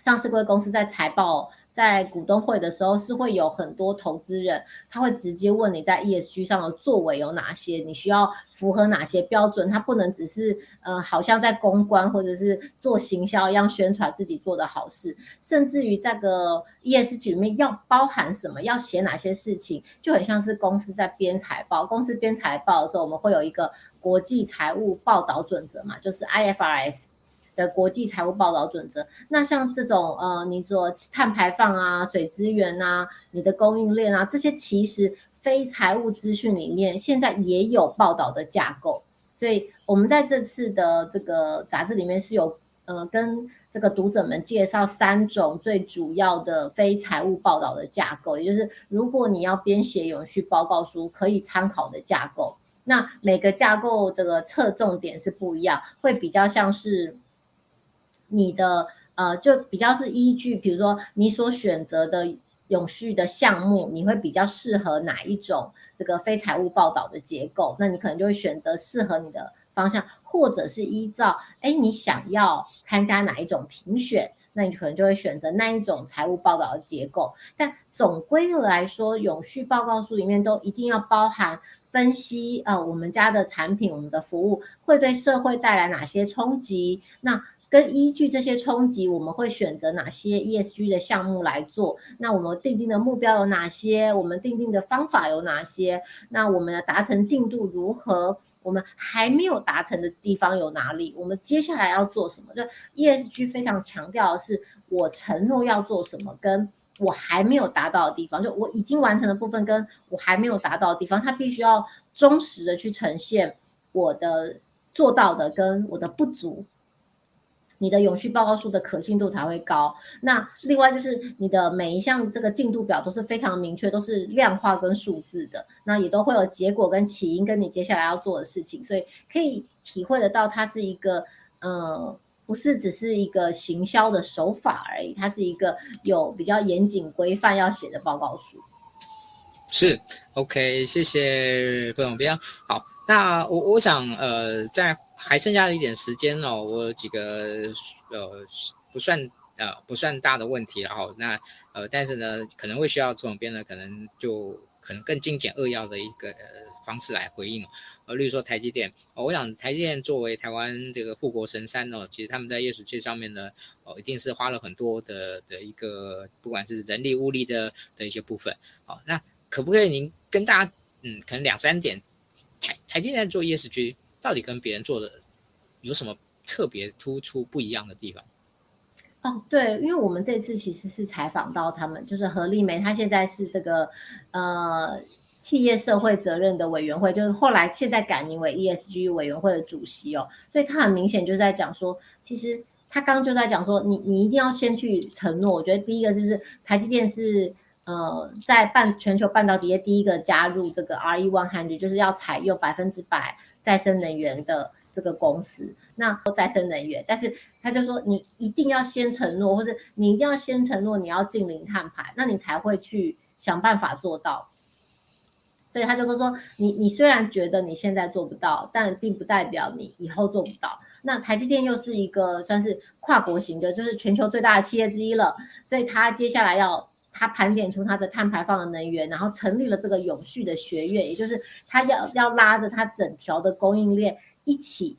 上市櫃公司在財報。在股東會的時候，是會有很多投資人，他會直接問你在 ESG 上的作為有哪些，你需要符合哪些標準，他不能只是呃，好像在公關或者是做行銷一樣宣傳自己做的好事。甚至於這個 ESG 裡面要包含什麼，要寫哪些事情，就很像是公司在編財報。公司編財報的時候，我們會有一個國際財務報導準則嘛，就是 IFRS。的國際財務報道準則，那像這種呃，你做碳排放啊、水資源啊、你的供應鏈啊，這些其實非財務資訊裡面現在也有報道的架構。所以，我們在這次的這個雜誌裡面是有呃，跟這個讀者們介紹三種最主要的非財務報道的架構，也就是如果你要編寫永續報告書可以參考的架構。那每個架構這個側重點是不一樣，會比較像是。你的呃，就比較是依據，比如說你所選擇的永續的項目，你會比較適合哪一種這個非財務報道的結構，那你可能就會選擇適合你的方向，或者是依照哎、欸、你想要參加哪一種評選，那你可能就會選擇那一種財務報道的結構。但總歸來說，永續報告書裡面都一定要包含分析呃，我們家的產品、我們的服務會對社會帶來哪些衝擊，那跟依據這些衝擊，我們會選擇哪些 ESG 的項目來做？那我們訂定的目標有哪些？我們訂定的方法有哪些？那我們的達成進度如何？我們還沒有達成的地方有哪裡？我們接下來要做什麼？就 ESG 非常強調的是，我承諾要做什麼，跟我還沒有達到的地方，就我已經完成的部分，跟我還沒有達到的地方，它必須要忠實的去呈現我的做到的跟我的不足。你的永續報告書的可信度才會高。那另外就是你的每一項這個進度表都是非常明確，都是量化跟數字的，那也都會有結果跟起因跟你接下來要做的事情，所以可以體會得到它是一個，呃，不是只是一個行銷的手法而已，它是一個有比較嚴謹規範要寫的報告書。是，OK，謝謝副總編。好，那我我想，呃，在。還剩下了一點時間哦，我有幾個呃不算呃不算大的問題啊，那呃但是呢可能會需要總編呢可能就可能更精簡扼要的一個、呃、方式來回應，呃，例如說台積電、哦，我想台積電作為台灣這個富國神山哦，其實他們在夜 s g 上面呢、哦、一定是花了很多的的一個不管是人力物力的的一些部分、哦、那可不可以您跟大家嗯可能兩三點台台積電做夜 s g 到底跟別人做的有什麼特別突出不一樣的地方？哦，對，因為我們這次其實是採訪到他們，就是何麗梅，她現在是這個呃企業社會責任的委員會，就是後來現在改名為 ESG 委員會的主席哦，所以她很明顯就在講說，其實她剛剛就在講說，你你一定要先去承諾。我覺得第一個就是台積電是呃在半全球半導體業第一個加入這個 RE100，就是要採用百分之百。再生能源的這個公司，那再生能源，但是他就說你一定要先承諾，或是你一定要先承諾你要淨零碳排，那你才會去想辦法做到。所以他就說你，你你雖然覺得你現在做不到，但並不代表你以後做不到。那台積電又是一個算是跨國型的，就是全球最大的企業之一了，所以他接下來要。他盤點出他的碳排放的能源，然後成立了這個永續的學院，也就是他要要拉着他整條的供應鏈一起。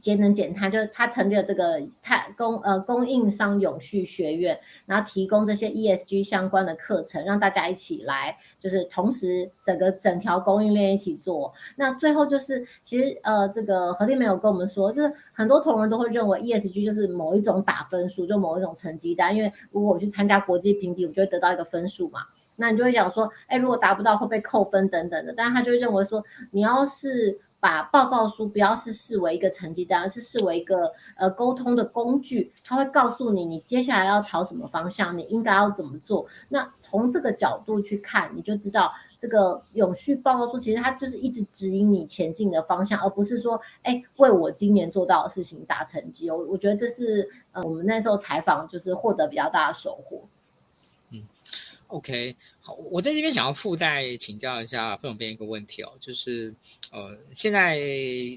節能減碳，就是他成立了這個碳供呃、供應商永續學院，然後提供這些 ESG 相關的課程，讓大家一起來，就是同時整個整條供應鏈一起做。那最後就是其實呃這個何麗梅有跟我們說，就是很多同仁都會認為 ESG 就是某一種打分數，就某一種成績單，因為如果我去參加國際評比，我就會得到一個分數嘛。那你就會講說，哎，如果達不到會被扣分等等的。但是他就會認為說，你要是把報告書不要是視，視為一個成績單，而是視為一個呃溝通的工具。它會告訴你，你接下來要朝什麼方向，你應該要怎麼做。那從這個角度去看，你就知道這個永續報告書其實它就是一直指引你前進的方向，而不是說哎，為我今年做到的事情打成績。我我覺得這是呃我們那時候採訪就是獲得比較大的收穫。嗯。OK，好，我在這邊想要附帶請教一下副總編一個問題哦，就是，呃，現在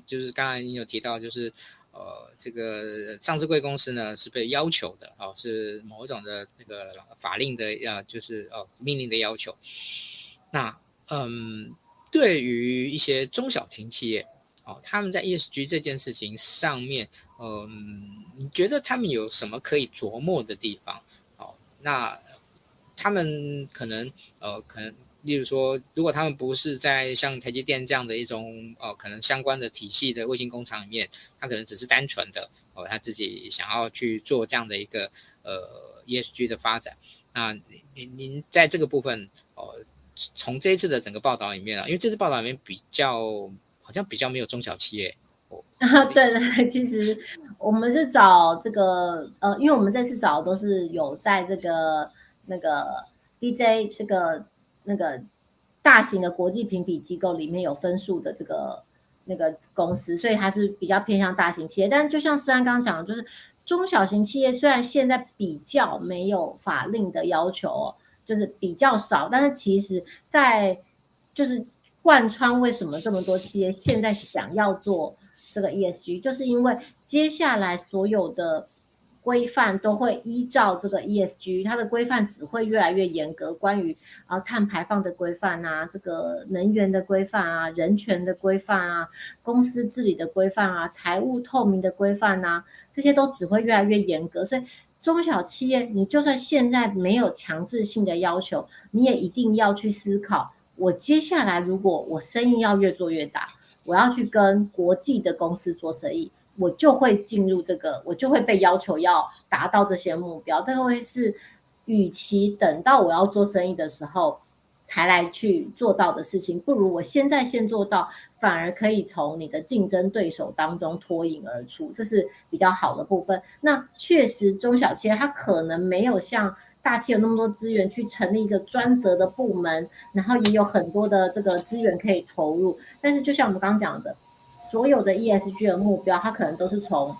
就是剛才你有提到，就是，呃，這個上市櫃公司呢是被要求的哦、呃，是某種的那個法令的呃，就是呃命令的要求。那嗯，對於一些中小型企業哦、呃，他們在 ESG 這件事情上面，嗯、呃，你覺得他們有什麼可以琢磨的地方？哦、呃，那。他們可能，呃，可能，例如說，如果他們不是在像台積電這樣的一種，呃，可能相關的體系的衛星工廠裡面，他可能只是單純的，哦、呃，他自己想要去做這樣的一個，呃，ESG 的發展。那您您在這個部分，哦、呃，從這一次的整個報道裡面啊，因為這次報道裡面比較，好像比較沒有中小企業。哦，啊、對對，其實我們是找這個，呃，因為我們這次找的都是有在這個。那個 DJ 這個那個大型的國際評比機構裡面有分數的這個那個公司，所以它是比較偏向大型企業。但就像施安剛剛講的，就是中小型企業雖然現在比較沒有法令的要求，就是比較少，但是其實在就是貫穿為什麼這麼多企業現在想要做這個 ESG，就是因為接下來所有的。規範都會依照這個 ESG，它的規範只會越來越嚴格。關於啊碳排放的規範啊，這個能源的規範啊，人權的規範啊，公司治理的規範啊，財務透明的規範啊，這些都只會越來越嚴格。所以，中小企業你就算現在沒有強制性的要求，你也一定要去思考：我接下來如果我生意要越做越大，我要去跟國際的公司做生意。我就會進入這個，我就會被要求要達到這些目標。這個會是，與其等到我要做生意的時候才來去做到的事情，不如我現在先做到，反而可以從你的競爭對手當中脫穎而出。這是比較好的部分。那確實，中小企業它可能沒有像大企業那麼多資源去成立一個專責的部門，然後也有很多的這個資源可以投入。但是，就像我們剛講的。所有的 ESG 的目標，它可能都是從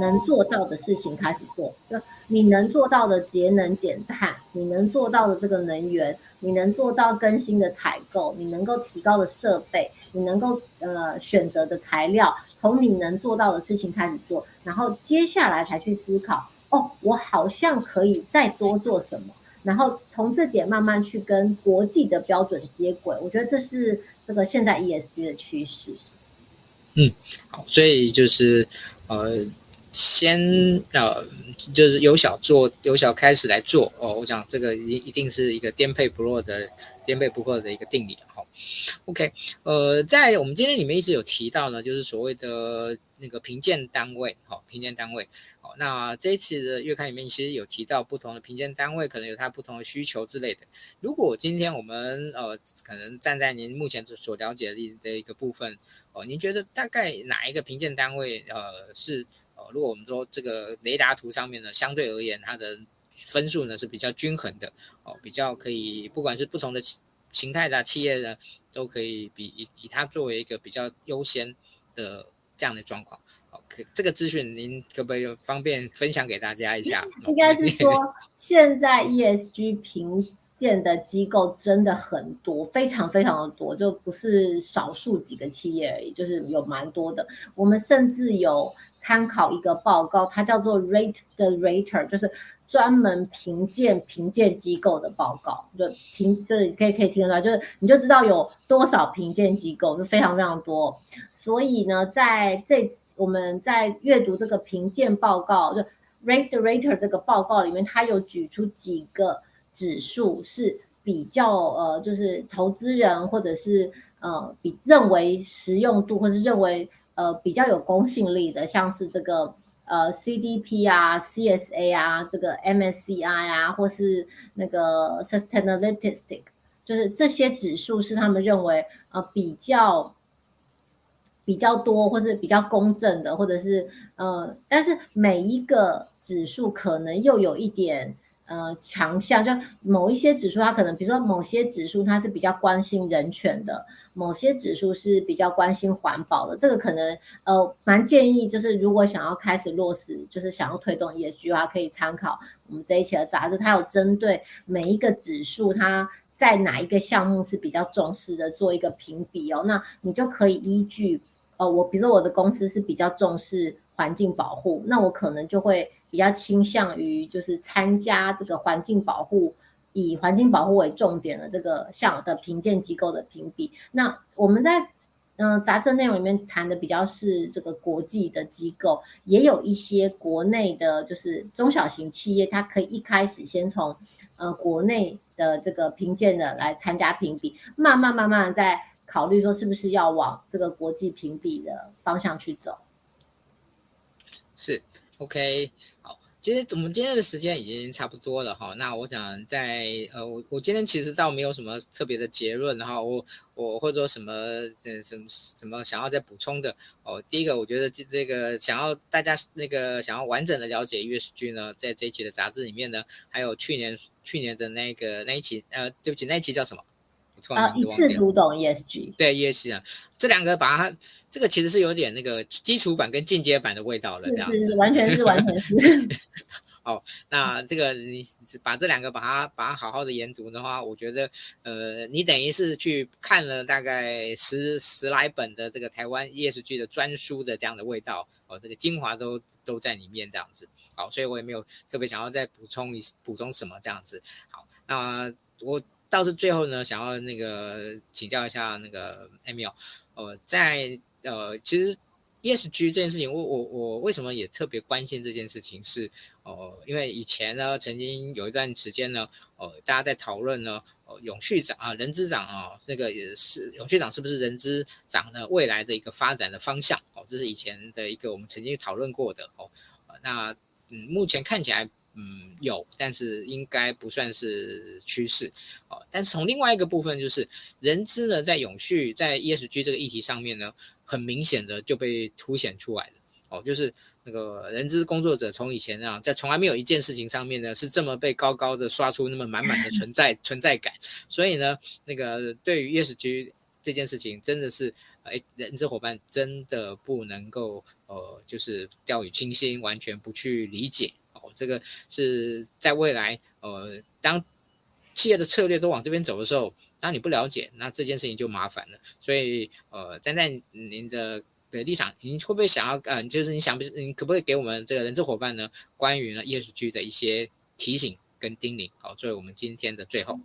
能做到的事情開始做。就你能做到的節能減碳，你能做到的這個能源，你能做到更新的採購，你能夠提高的設備，你能夠呃選擇的材料，從你能做到的事情開始做，然後接下來才去思考哦，我好像可以再多做什麼，然後從這點慢慢去跟國際的標準接軌。我覺得這是這個現在 ESG 的趨勢。嗯，好，所以就是，呃，先呃，就是由小做，由小開始來做哦。我講這個一一定是一個顛撲不破的顛撲不破的一個定理啊。OK，呃，在我們今天裡面一直有提到呢，就是所謂的那個評鑑單位，好，評鑑單位，好，那這一次的月刊裡面其實有提到不同的評鑑單位，可能有它不同的需求之類的。如果今天我們呃，可能站在您目前所了解的一個部分，哦，您覺得大概哪一個評鑑單位，呃，是，呃，如果我們說這個雷達圖上面呢，相對而言它的分數呢是比較均衡的，哦，比較可以，不管是不同的。形態的企業呢，都可以比以以它作為一個比較優先的這樣的狀況，好，可這個資訊您可不可以方便分享給大家一下？應該是說，現在 ESG 評鑑的機構真的很多， 非常非常的多，就不是少數幾個企業而已，就是有蠻多的。我們甚至有參考一個報告，它叫做 Rate the Rater，就是。專門評鑑評鑑機構的報告，就評，就可以可以聽得到，就是你就知道有多少評鑑機構，就非常非常多。所以呢，在這我們在閱讀這個評鑑報告，就 Rate the Rater 這個報告裡面，他有舉出幾個指數是比較呃，就是投資人或者是呃，比認為實用度，或者是認為呃比較有公信力的，像是這個。呃，CDP 啊，CSA 啊，這個 MSCI 啊，或是那個 Sustainability，就是這些指數是他們認為呃比較比較多，或是比較公正的，或者是呃，但是每一個指數可能又有一點。呃，強項就某一些指數，它可能比如說某些指數，它是比較關心人權的，某些指數是比較關心環保的。這個可能呃，蠻建議，就是如果想要開始落實，就是想要推動 ESG 的話，可以參考我們這一期的雜誌，它有針對每一個指數，它在哪一個項目是比較重視的，做一個評比哦。那你就可以依據呃，我比如說我的公司是比較重視環境保護，那我可能就會。比較傾向於就是參加這個環境保護，以環境保護為重點的這個項的評鑑機構的評比。那我們在嗯、呃、雜誌內容裡面談的比較是這個國際的機構，也有一些國內的，就是中小型企業，它可以一開始先從呃國內的這個評鑑的來參加評比，慢慢慢慢再考慮說是不是要往這個國際評比的方向去走。是。OK，好，今天我們今天的時間已經差不多了哈。那我想在呃，我我今天其實倒沒有什麼特別的結論哈。我我或者說什麼，呃，什麼什麼想要再補充的哦。第一個，我覺得這這個想要大家那個想要完整的了解粵劇呢，在這一期的雜誌裡面呢，還有去年去年的那個那一期，呃，對不起，那一期叫什麼？啊，一次讀懂 ESG，對 ESG，啊，這兩個把它，這個其實是有點那個基礎版跟進階版的味道了，是是，完全是完全是。哦， 那這個你把這兩個把它把它好好的研讀的話，我覺得，呃，你等於是去看了大概十十來本的這個台灣 ESG 的專書的這樣的味道哦，這個精華都都在裡面這樣子，好，所以我也沒有特別想要再補充一補充什麼這樣子，好，那我。倒是最後呢，想要那個請教一下那個艾米哦，在呃其實 ESG 這件事情，我我我為什麼也特別關心這件事情是哦、呃，因為以前呢曾經有一段時間呢，哦、呃，大家在討論呢，哦、呃，永續長啊，人資長啊、哦，這、那個也是永續長是不是人資長的未來的一個發展的方向哦，這是以前的一個我們曾經討論過的哦，呃、那嗯目前看起來。嗯，有，但是應該不算是趨勢哦。但是從另外一個部分，就是人資呢，在永續，在 ESG 這個議題上面呢，很明顯的就被凸顯出來了哦。就是那個人資工作者，從以前啊，在從來沒有一件事情上面呢，是這麼被高高的刷出那麼滿滿的存在 存在感。所以呢，那個對於 ESG 這件事情，真的是哎、呃，人資夥伴真的不能夠呃，就是掉以輕心，完全不去理解。這個是在未來，呃，當企業的策略都往這邊走的時候，當你不了解，那這件事情就麻煩了。所以，呃，站在您的您的立場，您會不會想要，干、呃、就是你想不，你可不可以給我們這個人資夥伴呢，關於呢 ESG 的一些提醒跟叮嚀？好，作為我們今天的最後。哦、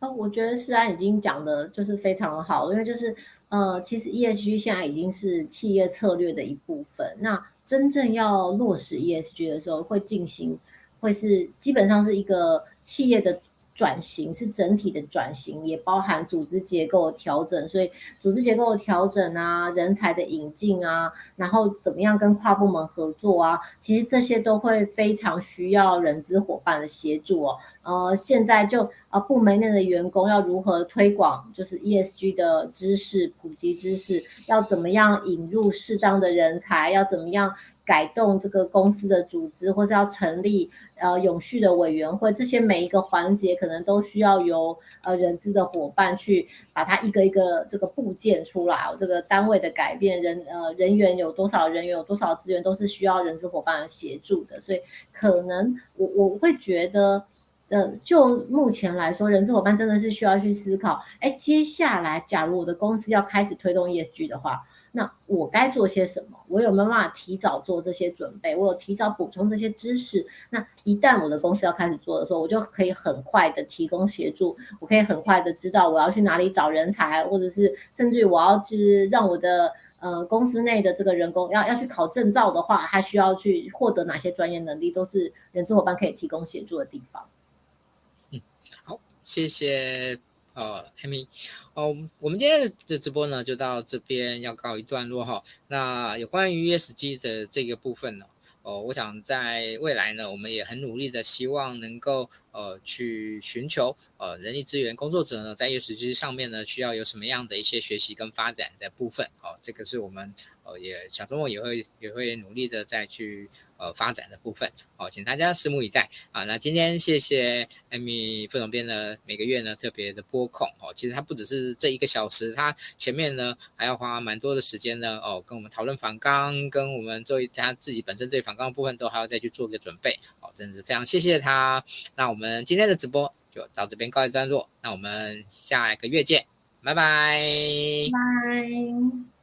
嗯呃，我覺得世安，已經講的就是非常的好，因為就是，呃，其實 ESG 現在已經是企業策略的一部分，那。真正要落實 ESG 的時候，會進行，會是基本上是一個企業的。轉型是整體的轉型，也包含組織結構的調整，所以組織結構的調整啊，人才的引進啊，然後怎麼樣跟跨部門合作啊，其實這些都會非常需要人資夥伴的協助哦、啊。呃，現在就啊、呃，部門內的員工要如何推廣，就是 ESG 的知識普及知識，要怎麼樣引入適當的人才，要怎麼樣？改動這個公司的組織，或是要成立呃永續的委員會，這些每一個環節可能都需要由呃人資的伙伴去把它一個一個這個部件出來，這個單位的改變，人呃人員有多少，人員有多少資源，都是需要人資伙伴協助的。所以可能我我會覺得，呃，就目前來說，人資伙伴真的是需要去思考，欸，接下來假如我的公司要開始推動 ESG 的話，那我該做些什麼？我有沒有辦法提早做這些準備？我有提早補充這些知識。那一旦我的公司要開始做的時候，我就可以很快的提供協助。我可以很快的知道我要去哪裡找人才，或者是甚至於我要去讓我的呃公司內的這個人工要要去考證照的話，他需要去獲得哪些專業能力，都是人資夥伴可以提供協助的地方。嗯，好，謝謝。哦 I，Amy，mean，哦，我們今天的直播呢，就到這邊要告一段落哈。那有關於 ESG 的這個部分呢，哦，我想在未來呢，我們也很努力的希望能夠。呃，去尋求呃人力資源工作者呢，在業餘時間上面呢，需要有什麼樣的一些學習跟發展的部分？哦，這個是我們呃也小周末也會也會努力的再去呃發展的部分哦，請大家拭目以待啊！那今天謝謝艾米副總編的每個月呢特別的撥空哦，其實他不只是這一個小時，他前面呢還要花蠻多的時間呢哦，跟我們討論訪綱，跟我們作為他自己本身對訪綱的部分都還要再去做個準備哦，真的是非常謝謝他，那我們。嗯，今天的直播就到這邊告一段落，那我們下一個月見，拜拜拜。